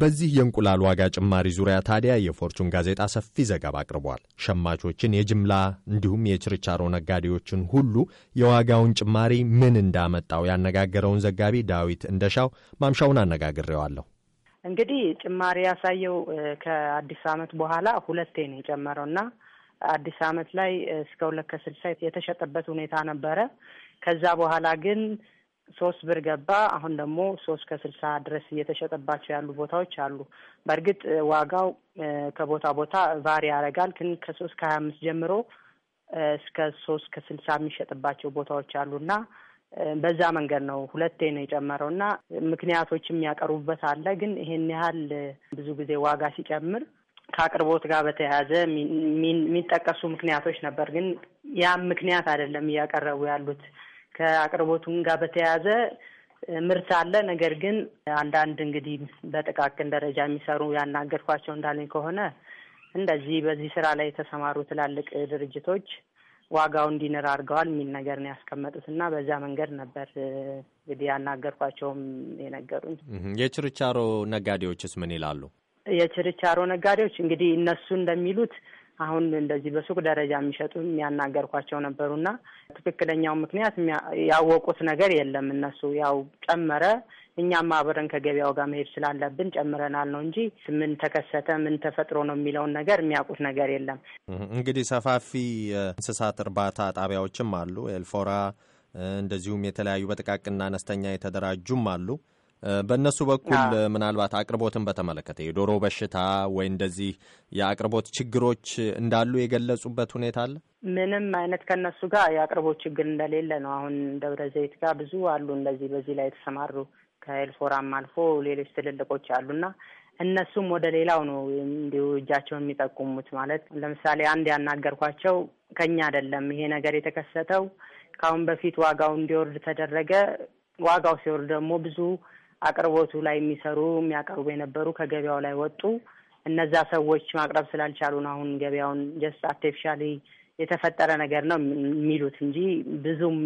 በዚህ የእንቁላል ዋጋ ጭማሪ ዙሪያ ታዲያ የፎርቹን ጋዜጣ ሰፊ ዘገባ አቅርቧል። ሸማቾችን፣ የጅምላ እንዲሁም የችርቻሮ ነጋዴዎችን ሁሉ የዋጋውን ጭማሪ ምን እንዳመጣው ያነጋገረውን ዘጋቢ ዳዊት እንደሻው ማምሻውን አነጋግሬዋለሁ። እንግዲህ ጭማሪ ያሳየው ከአዲስ ዓመት በኋላ ሁለቴ ነው የጨመረው አዲስ ዓመት ላይ እስከ ሁለት ከስልሳ የተሸጠበት ሁኔታ ነበረ። ከዛ በኋላ ግን ሶስት ብር ገባ። አሁን ደግሞ ሶስት ከስልሳ ድረስ እየተሸጠባቸው ያሉ ቦታዎች አሉ። በእርግጥ ዋጋው ከቦታ ቦታ ቫሪ ያደርጋል። ግን ከሶስት ከሀያ አምስት ጀምሮ እስከ ሶስት ከስልሳ የሚሸጥባቸው ቦታዎች አሉና በዛ መንገድ ነው ሁለቴ ነው የጨመረው እና ምክንያቶች የሚያቀርቡበት አለ። ግን ይሄን ያህል ብዙ ጊዜ ዋጋ ሲጨምር ከአቅርቦት ጋር በተያያዘ የሚጠቀሱ ምክንያቶች ነበር። ግን ያም ምክንያት አይደለም እያቀረቡ ያሉት ከአቅርቦቱም ጋር በተያያዘ ምርት አለ። ነገር ግን አንዳንድ እንግዲህ በጥቃቅን ደረጃ የሚሰሩ ያናገርኳቸው እንዳለኝ ከሆነ እንደዚህ በዚህ ስራ ላይ የተሰማሩ ትላልቅ ድርጅቶች ዋጋው እንዲንር አድርገዋል የሚል ነገር ነው ያስቀመጡት እና በዛ መንገድ ነበር እንግዲህ ያናገርኳቸውም የነገሩኝ። የችርቻሮ ነጋዴዎችስ ምን ይላሉ? የችርቻሮ ነጋዴዎች እንግዲህ እነሱ እንደሚሉት አሁን እንደዚህ በሱቅ ደረጃ የሚሸጡ የሚያናገርኳቸው ነበሩና ትክክለኛው ምክንያት ያወቁት ነገር የለም። እነሱ ያው ጨመረ፣ እኛም አብረን ከገበያው ጋር መሄድ ስላለብን ጨምረናል ነው እንጂ ምን ተከሰተ፣ ምን ተፈጥሮ ነው የሚለውን ነገር የሚያውቁት ነገር የለም። እንግዲህ ሰፋፊ እንስሳት እርባታ ጣቢያዎችም አሉ፣ ኤልፎራ እንደዚሁም የተለያዩ በጥቃቅንና አነስተኛ የተደራጁም አሉ። በእነሱ በኩል ምናልባት አቅርቦትን በተመለከተ የዶሮ በሽታ ወይ እንደዚህ የአቅርቦት ችግሮች እንዳሉ የገለጹበት ሁኔታ አለ? ምንም አይነት ከእነሱ ጋር የአቅርቦት ችግር እንደሌለ ነው። አሁን ደብረ ዘይት ጋር ብዙ አሉ እንደዚህ በዚህ ላይ የተሰማሩ ከኤልፎራም አልፎ ሌሎች ትልልቆች አሉና እነሱም ወደ ሌላው ነው እንዲሁ እጃቸውን የሚጠቁሙት። ማለት ለምሳሌ አንድ ያናገርኳቸው ከኛ አይደለም ይሄ ነገር የተከሰተው ከአሁን በፊት ዋጋው እንዲወርድ ተደረገ። ዋጋው ሲወርድ ደግሞ ብዙ አቅርቦቱ ላይ የሚሰሩ የሚያቀርቡ የነበሩ ከገበያው ላይ ወጡ። እነዛ ሰዎች ማቅረብ ስላልቻሉ ነው አሁን ገበያውን ጀስት አርቲፊሻሊ የተፈጠረ ነገር ነው የሚሉት እንጂ ብዙም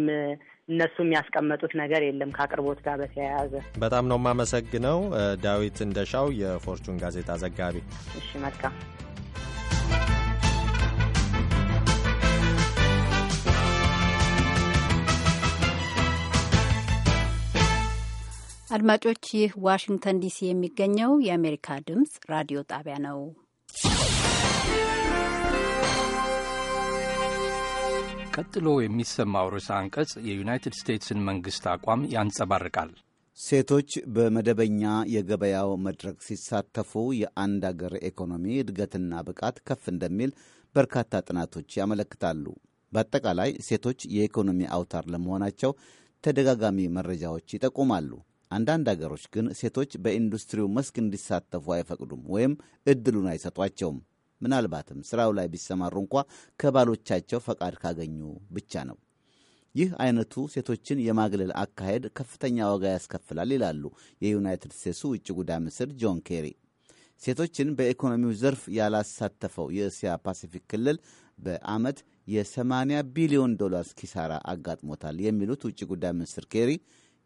እነሱ የሚያስቀመጡት ነገር የለም ከአቅርቦት ጋር በተያያዘ። በጣም ነው የማመሰግነው ዳዊት እንደሻው የፎርቹን ጋዜጣ ዘጋቢ። እሺ መልካም አድማጮች፣ ይህ ዋሽንግተን ዲሲ የሚገኘው የአሜሪካ ድምፅ ራዲዮ ጣቢያ ነው። ቀጥሎ የሚሰማው ርዕሰ አንቀጽ የዩናይትድ ስቴትስን መንግሥት አቋም ያንጸባርቃል። ሴቶች በመደበኛ የገበያው መድረክ ሲሳተፉ የአንድ አገር ኢኮኖሚ እድገትና ብቃት ከፍ እንደሚል በርካታ ጥናቶች ያመለክታሉ። በአጠቃላይ ሴቶች የኢኮኖሚ አውታር ለመሆናቸው ተደጋጋሚ መረጃዎች ይጠቁማሉ። አንዳንድ አገሮች ግን ሴቶች በኢንዱስትሪው መስክ እንዲሳተፉ አይፈቅዱም ወይም እድሉን አይሰጧቸውም። ምናልባትም ስራው ላይ ቢሰማሩ እንኳ ከባሎቻቸው ፈቃድ ካገኙ ብቻ ነው። ይህ አይነቱ ሴቶችን የማግለል አካሄድ ከፍተኛ ዋጋ ያስከፍላል ይላሉ የዩናይትድ ስቴትሱ ውጭ ጉዳይ ሚኒስትር ጆን ኬሪ። ሴቶችን በኢኮኖሚው ዘርፍ ያላሳተፈው የእስያ ፓሲፊክ ክልል በአመት የ80 ቢሊዮን ዶላር ኪሳራ አጋጥሞታል የሚሉት ውጭ ጉዳይ ሚኒስትር ኬሪ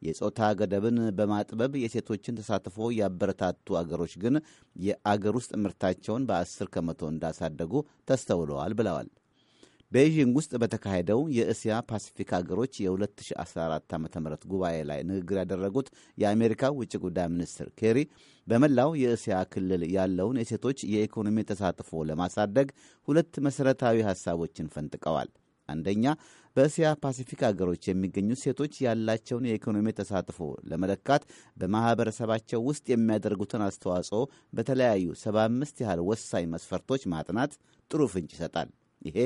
የጾታ ገደብን በማጥበብ የሴቶችን ተሳትፎ ያበረታቱ አገሮች ግን የአገር ውስጥ ምርታቸውን በአስር ከመቶ እንዳሳደጉ ተስተውለዋል ብለዋል። ቤይዥንግ ውስጥ በተካሄደው የእስያ ፓሲፊክ አገሮች የ2014 ዓ ም ጉባኤ ላይ ንግግር ያደረጉት የአሜሪካ ውጭ ጉዳይ ሚኒስትር ኬሪ በመላው የእስያ ክልል ያለውን የሴቶች የኢኮኖሚ ተሳትፎ ለማሳደግ ሁለት መሠረታዊ ሐሳቦችን ፈንጥቀዋል። አንደኛ በእስያ ፓሲፊክ አገሮች የሚገኙ ሴቶች ያላቸውን የኢኮኖሚ ተሳትፎ ለመለካት በማህበረሰባቸው ውስጥ የሚያደርጉትን አስተዋጽኦ በተለያዩ 75 ያህል ወሳኝ መስፈርቶች ማጥናት ጥሩ ፍንጭ ይሰጣል። ይሄ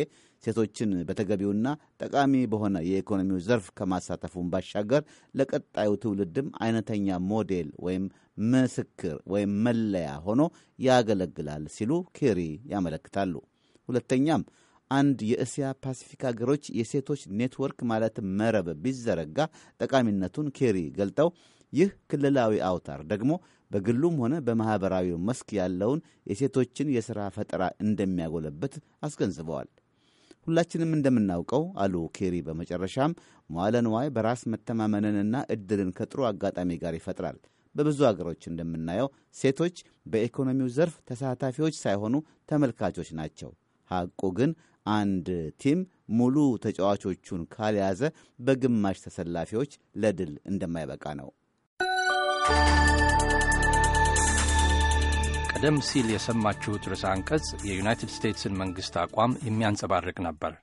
ሴቶችን በተገቢውና ጠቃሚ በሆነ የኢኮኖሚው ዘርፍ ከማሳተፉን ባሻገር ለቀጣዩ ትውልድም አይነተኛ ሞዴል ወይም ምስክር ወይም መለያ ሆኖ ያገለግላል ሲሉ ኬሪ ያመለክታሉ። ሁለተኛም አንድ የእስያ ፓሲፊክ ሀገሮች የሴቶች ኔትወርክ ማለት መረብ ቢዘረጋ ጠቃሚነቱን ኬሪ ገልጠው ይህ ክልላዊ አውታር ደግሞ በግሉም ሆነ በማኅበራዊው መስክ ያለውን የሴቶችን የሥራ ፈጠራ እንደሚያጎለበት አስገንዝበዋል። ሁላችንም እንደምናውቀው አሉ ኬሪ በመጨረሻም መዋለ ንዋይ በራስ መተማመንንና ዕድልን ከጥሩ አጋጣሚ ጋር ይፈጥራል። በብዙ አገሮች እንደምናየው ሴቶች በኢኮኖሚው ዘርፍ ተሳታፊዎች ሳይሆኑ ተመልካቾች ናቸው። ሐቁ ግን አንድ ቲም ሙሉ ተጫዋቾቹን ካልያዘ በግማሽ ተሰላፊዎች ለድል እንደማይበቃ ነው። ቀደም ሲል የሰማችሁት ርዕሰ አንቀጽ የዩናይትድ ስቴትስን መንግሥት አቋም የሚያንጸባርቅ ነበር።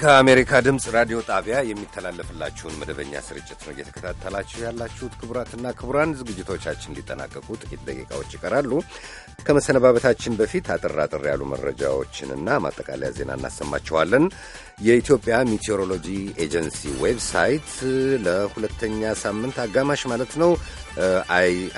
ከአሜሪካ ድምፅ ራዲዮ ጣቢያ የሚተላለፍላችሁን መደበኛ ስርጭት ነው እየተከታተላችሁ ያላችሁት። ክቡራትና ክቡራን ዝግጅቶቻችን ሊጠናቀቁ ጥቂት ደቂቃዎች ይቀራሉ። ከመሰነባበታችን በፊት አጠር አጠር ያሉ መረጃዎችንና ማጠቃለያ ዜና እናሰማችኋለን። የኢትዮጵያ ሚቴዎሮሎጂ ኤጀንሲ ዌብሳይት ለሁለተኛ ሳምንት አጋማሽ ማለት ነው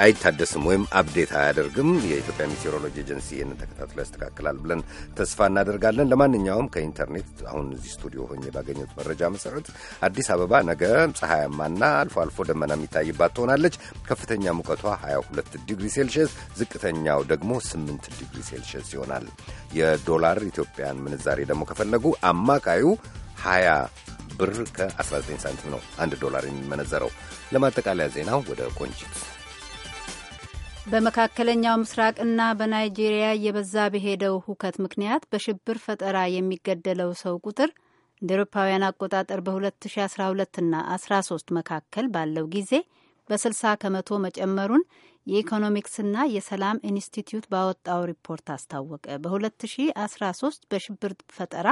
አይታደስም ወይም አፕዴት አያደርግም። የኢትዮጵያ ሚቴዎሮሎጂ ኤጀንሲ ይህንን ተከታትሎ ያስተካክላል ብለን ተስፋ እናደርጋለን። ለማንኛውም ከኢንተርኔት አሁን እዚህ ስቱዲዮ ሆኜ ባገኘሁት መረጃ መሰረት አዲስ አበባ ነገ ፀሐያማና አልፎ አልፎ ደመና የሚታይባት ትሆናለች። ከፍተኛ ሙቀቷ 22 ዲግሪ ሴልሽየስ፣ ዝቅተኛው ደግሞ 8 ዲግሪ ሴልሽየስ ይሆናል። የዶላር ኢትዮጵያን ምንዛሬ ደግሞ ከፈለጉ አማካዩ ምንዛሪው 20 ብር ከ19 ሳንቲም ነው፣ 1 ዶላር የሚመነዘረው። ለማጠቃለያ ዜናው ወደ ቆንጂት በመካከለኛው ምስራቅና በናይጄሪያ እየበዛ በሄደው ሁከት ምክንያት በሽብር ፈጠራ የሚገደለው ሰው ቁጥር እንደ ኤሮፓውያን አቆጣጠር በ2012 ና 13 መካከል ባለው ጊዜ በ60 ከመቶ መጨመሩን የኢኮኖሚክስና የሰላም ኢንስቲትዩት ባወጣው ሪፖርት አስታወቀ። በ2013 በሽብር ፈጠራ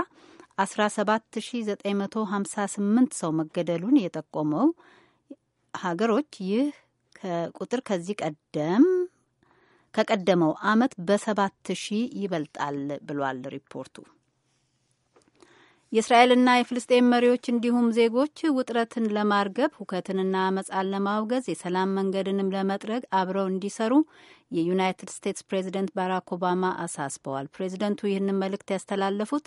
17958 ሰው መገደሉን የጠቆመው ሀገሮች ይህ ቁጥር ከዚህ ቀደም ከቀደመው አመት በሰባት ሺህ ይበልጣል ብሏል ሪፖርቱ። የእስራኤልና የፍልስጤም መሪዎች እንዲሁም ዜጎች ውጥረትን ለማርገብ ሁከትንና አመፃን ለማውገዝ የሰላም መንገድንም ለመጥረግ አብረው እንዲሰሩ የዩናይትድ ስቴትስ ፕሬዚደንት ባራክ ኦባማ አሳስበዋል። ፕሬዚደንቱ ይህንን መልእክት ያስተላለፉት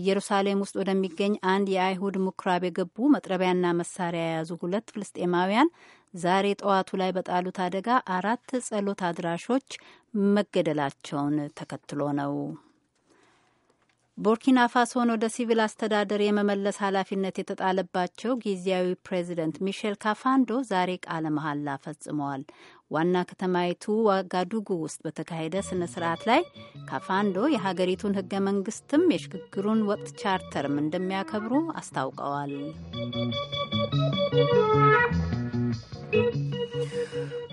ኢየሩሳሌም ውስጥ ወደሚገኝ አንድ የአይሁድ ምኩራብ የገቡ መጥረቢያና መሳሪያ የያዙ ሁለት ፍልስጤማውያን ዛሬ ጠዋቱ ላይ በጣሉት አደጋ አራት ጸሎት አድራሾች መገደላቸውን ተከትሎ ነው። ቡርኪና ፋሶን ወደ ሲቪል አስተዳደር የመመለስ ኃላፊነት የተጣለባቸው ጊዜያዊ ፕሬዚደንት ሚሼል ካፋንዶ ዛሬ ቃለ መሐላ ፈጽመዋል። ዋና ከተማይቱ ዋጋዱጉ ውስጥ በተካሄደ ስነ ስርዓት ላይ ካፋንዶ የሀገሪቱን ህገ መንግስትም የሽግግሩን ወቅት ቻርተርም እንደሚያከብሩ አስታውቀዋል።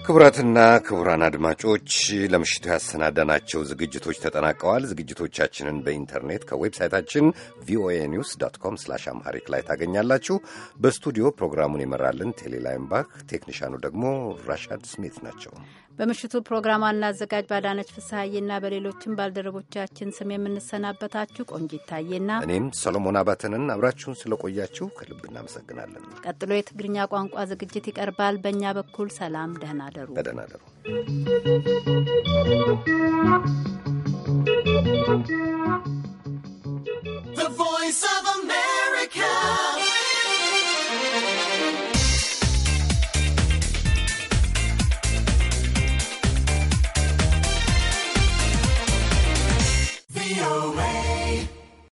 ክቡራትና ክቡራን አድማጮች ለምሽቱ ያሰናዳናቸው ዝግጅቶች ተጠናቀዋል። ዝግጅቶቻችንን በኢንተርኔት ከዌብሳይታችን ቪኦኤ ኒውስ ዶት ኮም ስላሽ አምሃሪክ ላይ ታገኛላችሁ። በስቱዲዮ ፕሮግራሙን ይመራልን ቴሌላይምባክ፣ ቴክኒሻኑ ደግሞ ራሻድ ስሚት ናቸው። በምሽቱ ፕሮግራም ዋና አዘጋጅ ባዳነች ፍስሐዬና በሌሎችም ባልደረቦቻችን ስም የምንሰናበታችሁ ቆንጅ ይታየና እኔም ሰሎሞን አባተንን አብራችሁን ስለቆያችሁ ከልብ እናመሰግናለን። ቀጥሎ የትግርኛ ቋንቋ ዝግጅት ይቀርባል። በእኛ በኩል ሰላም፣ ደህና ደሩ፣ በደህና ደሩ። The voice of America away.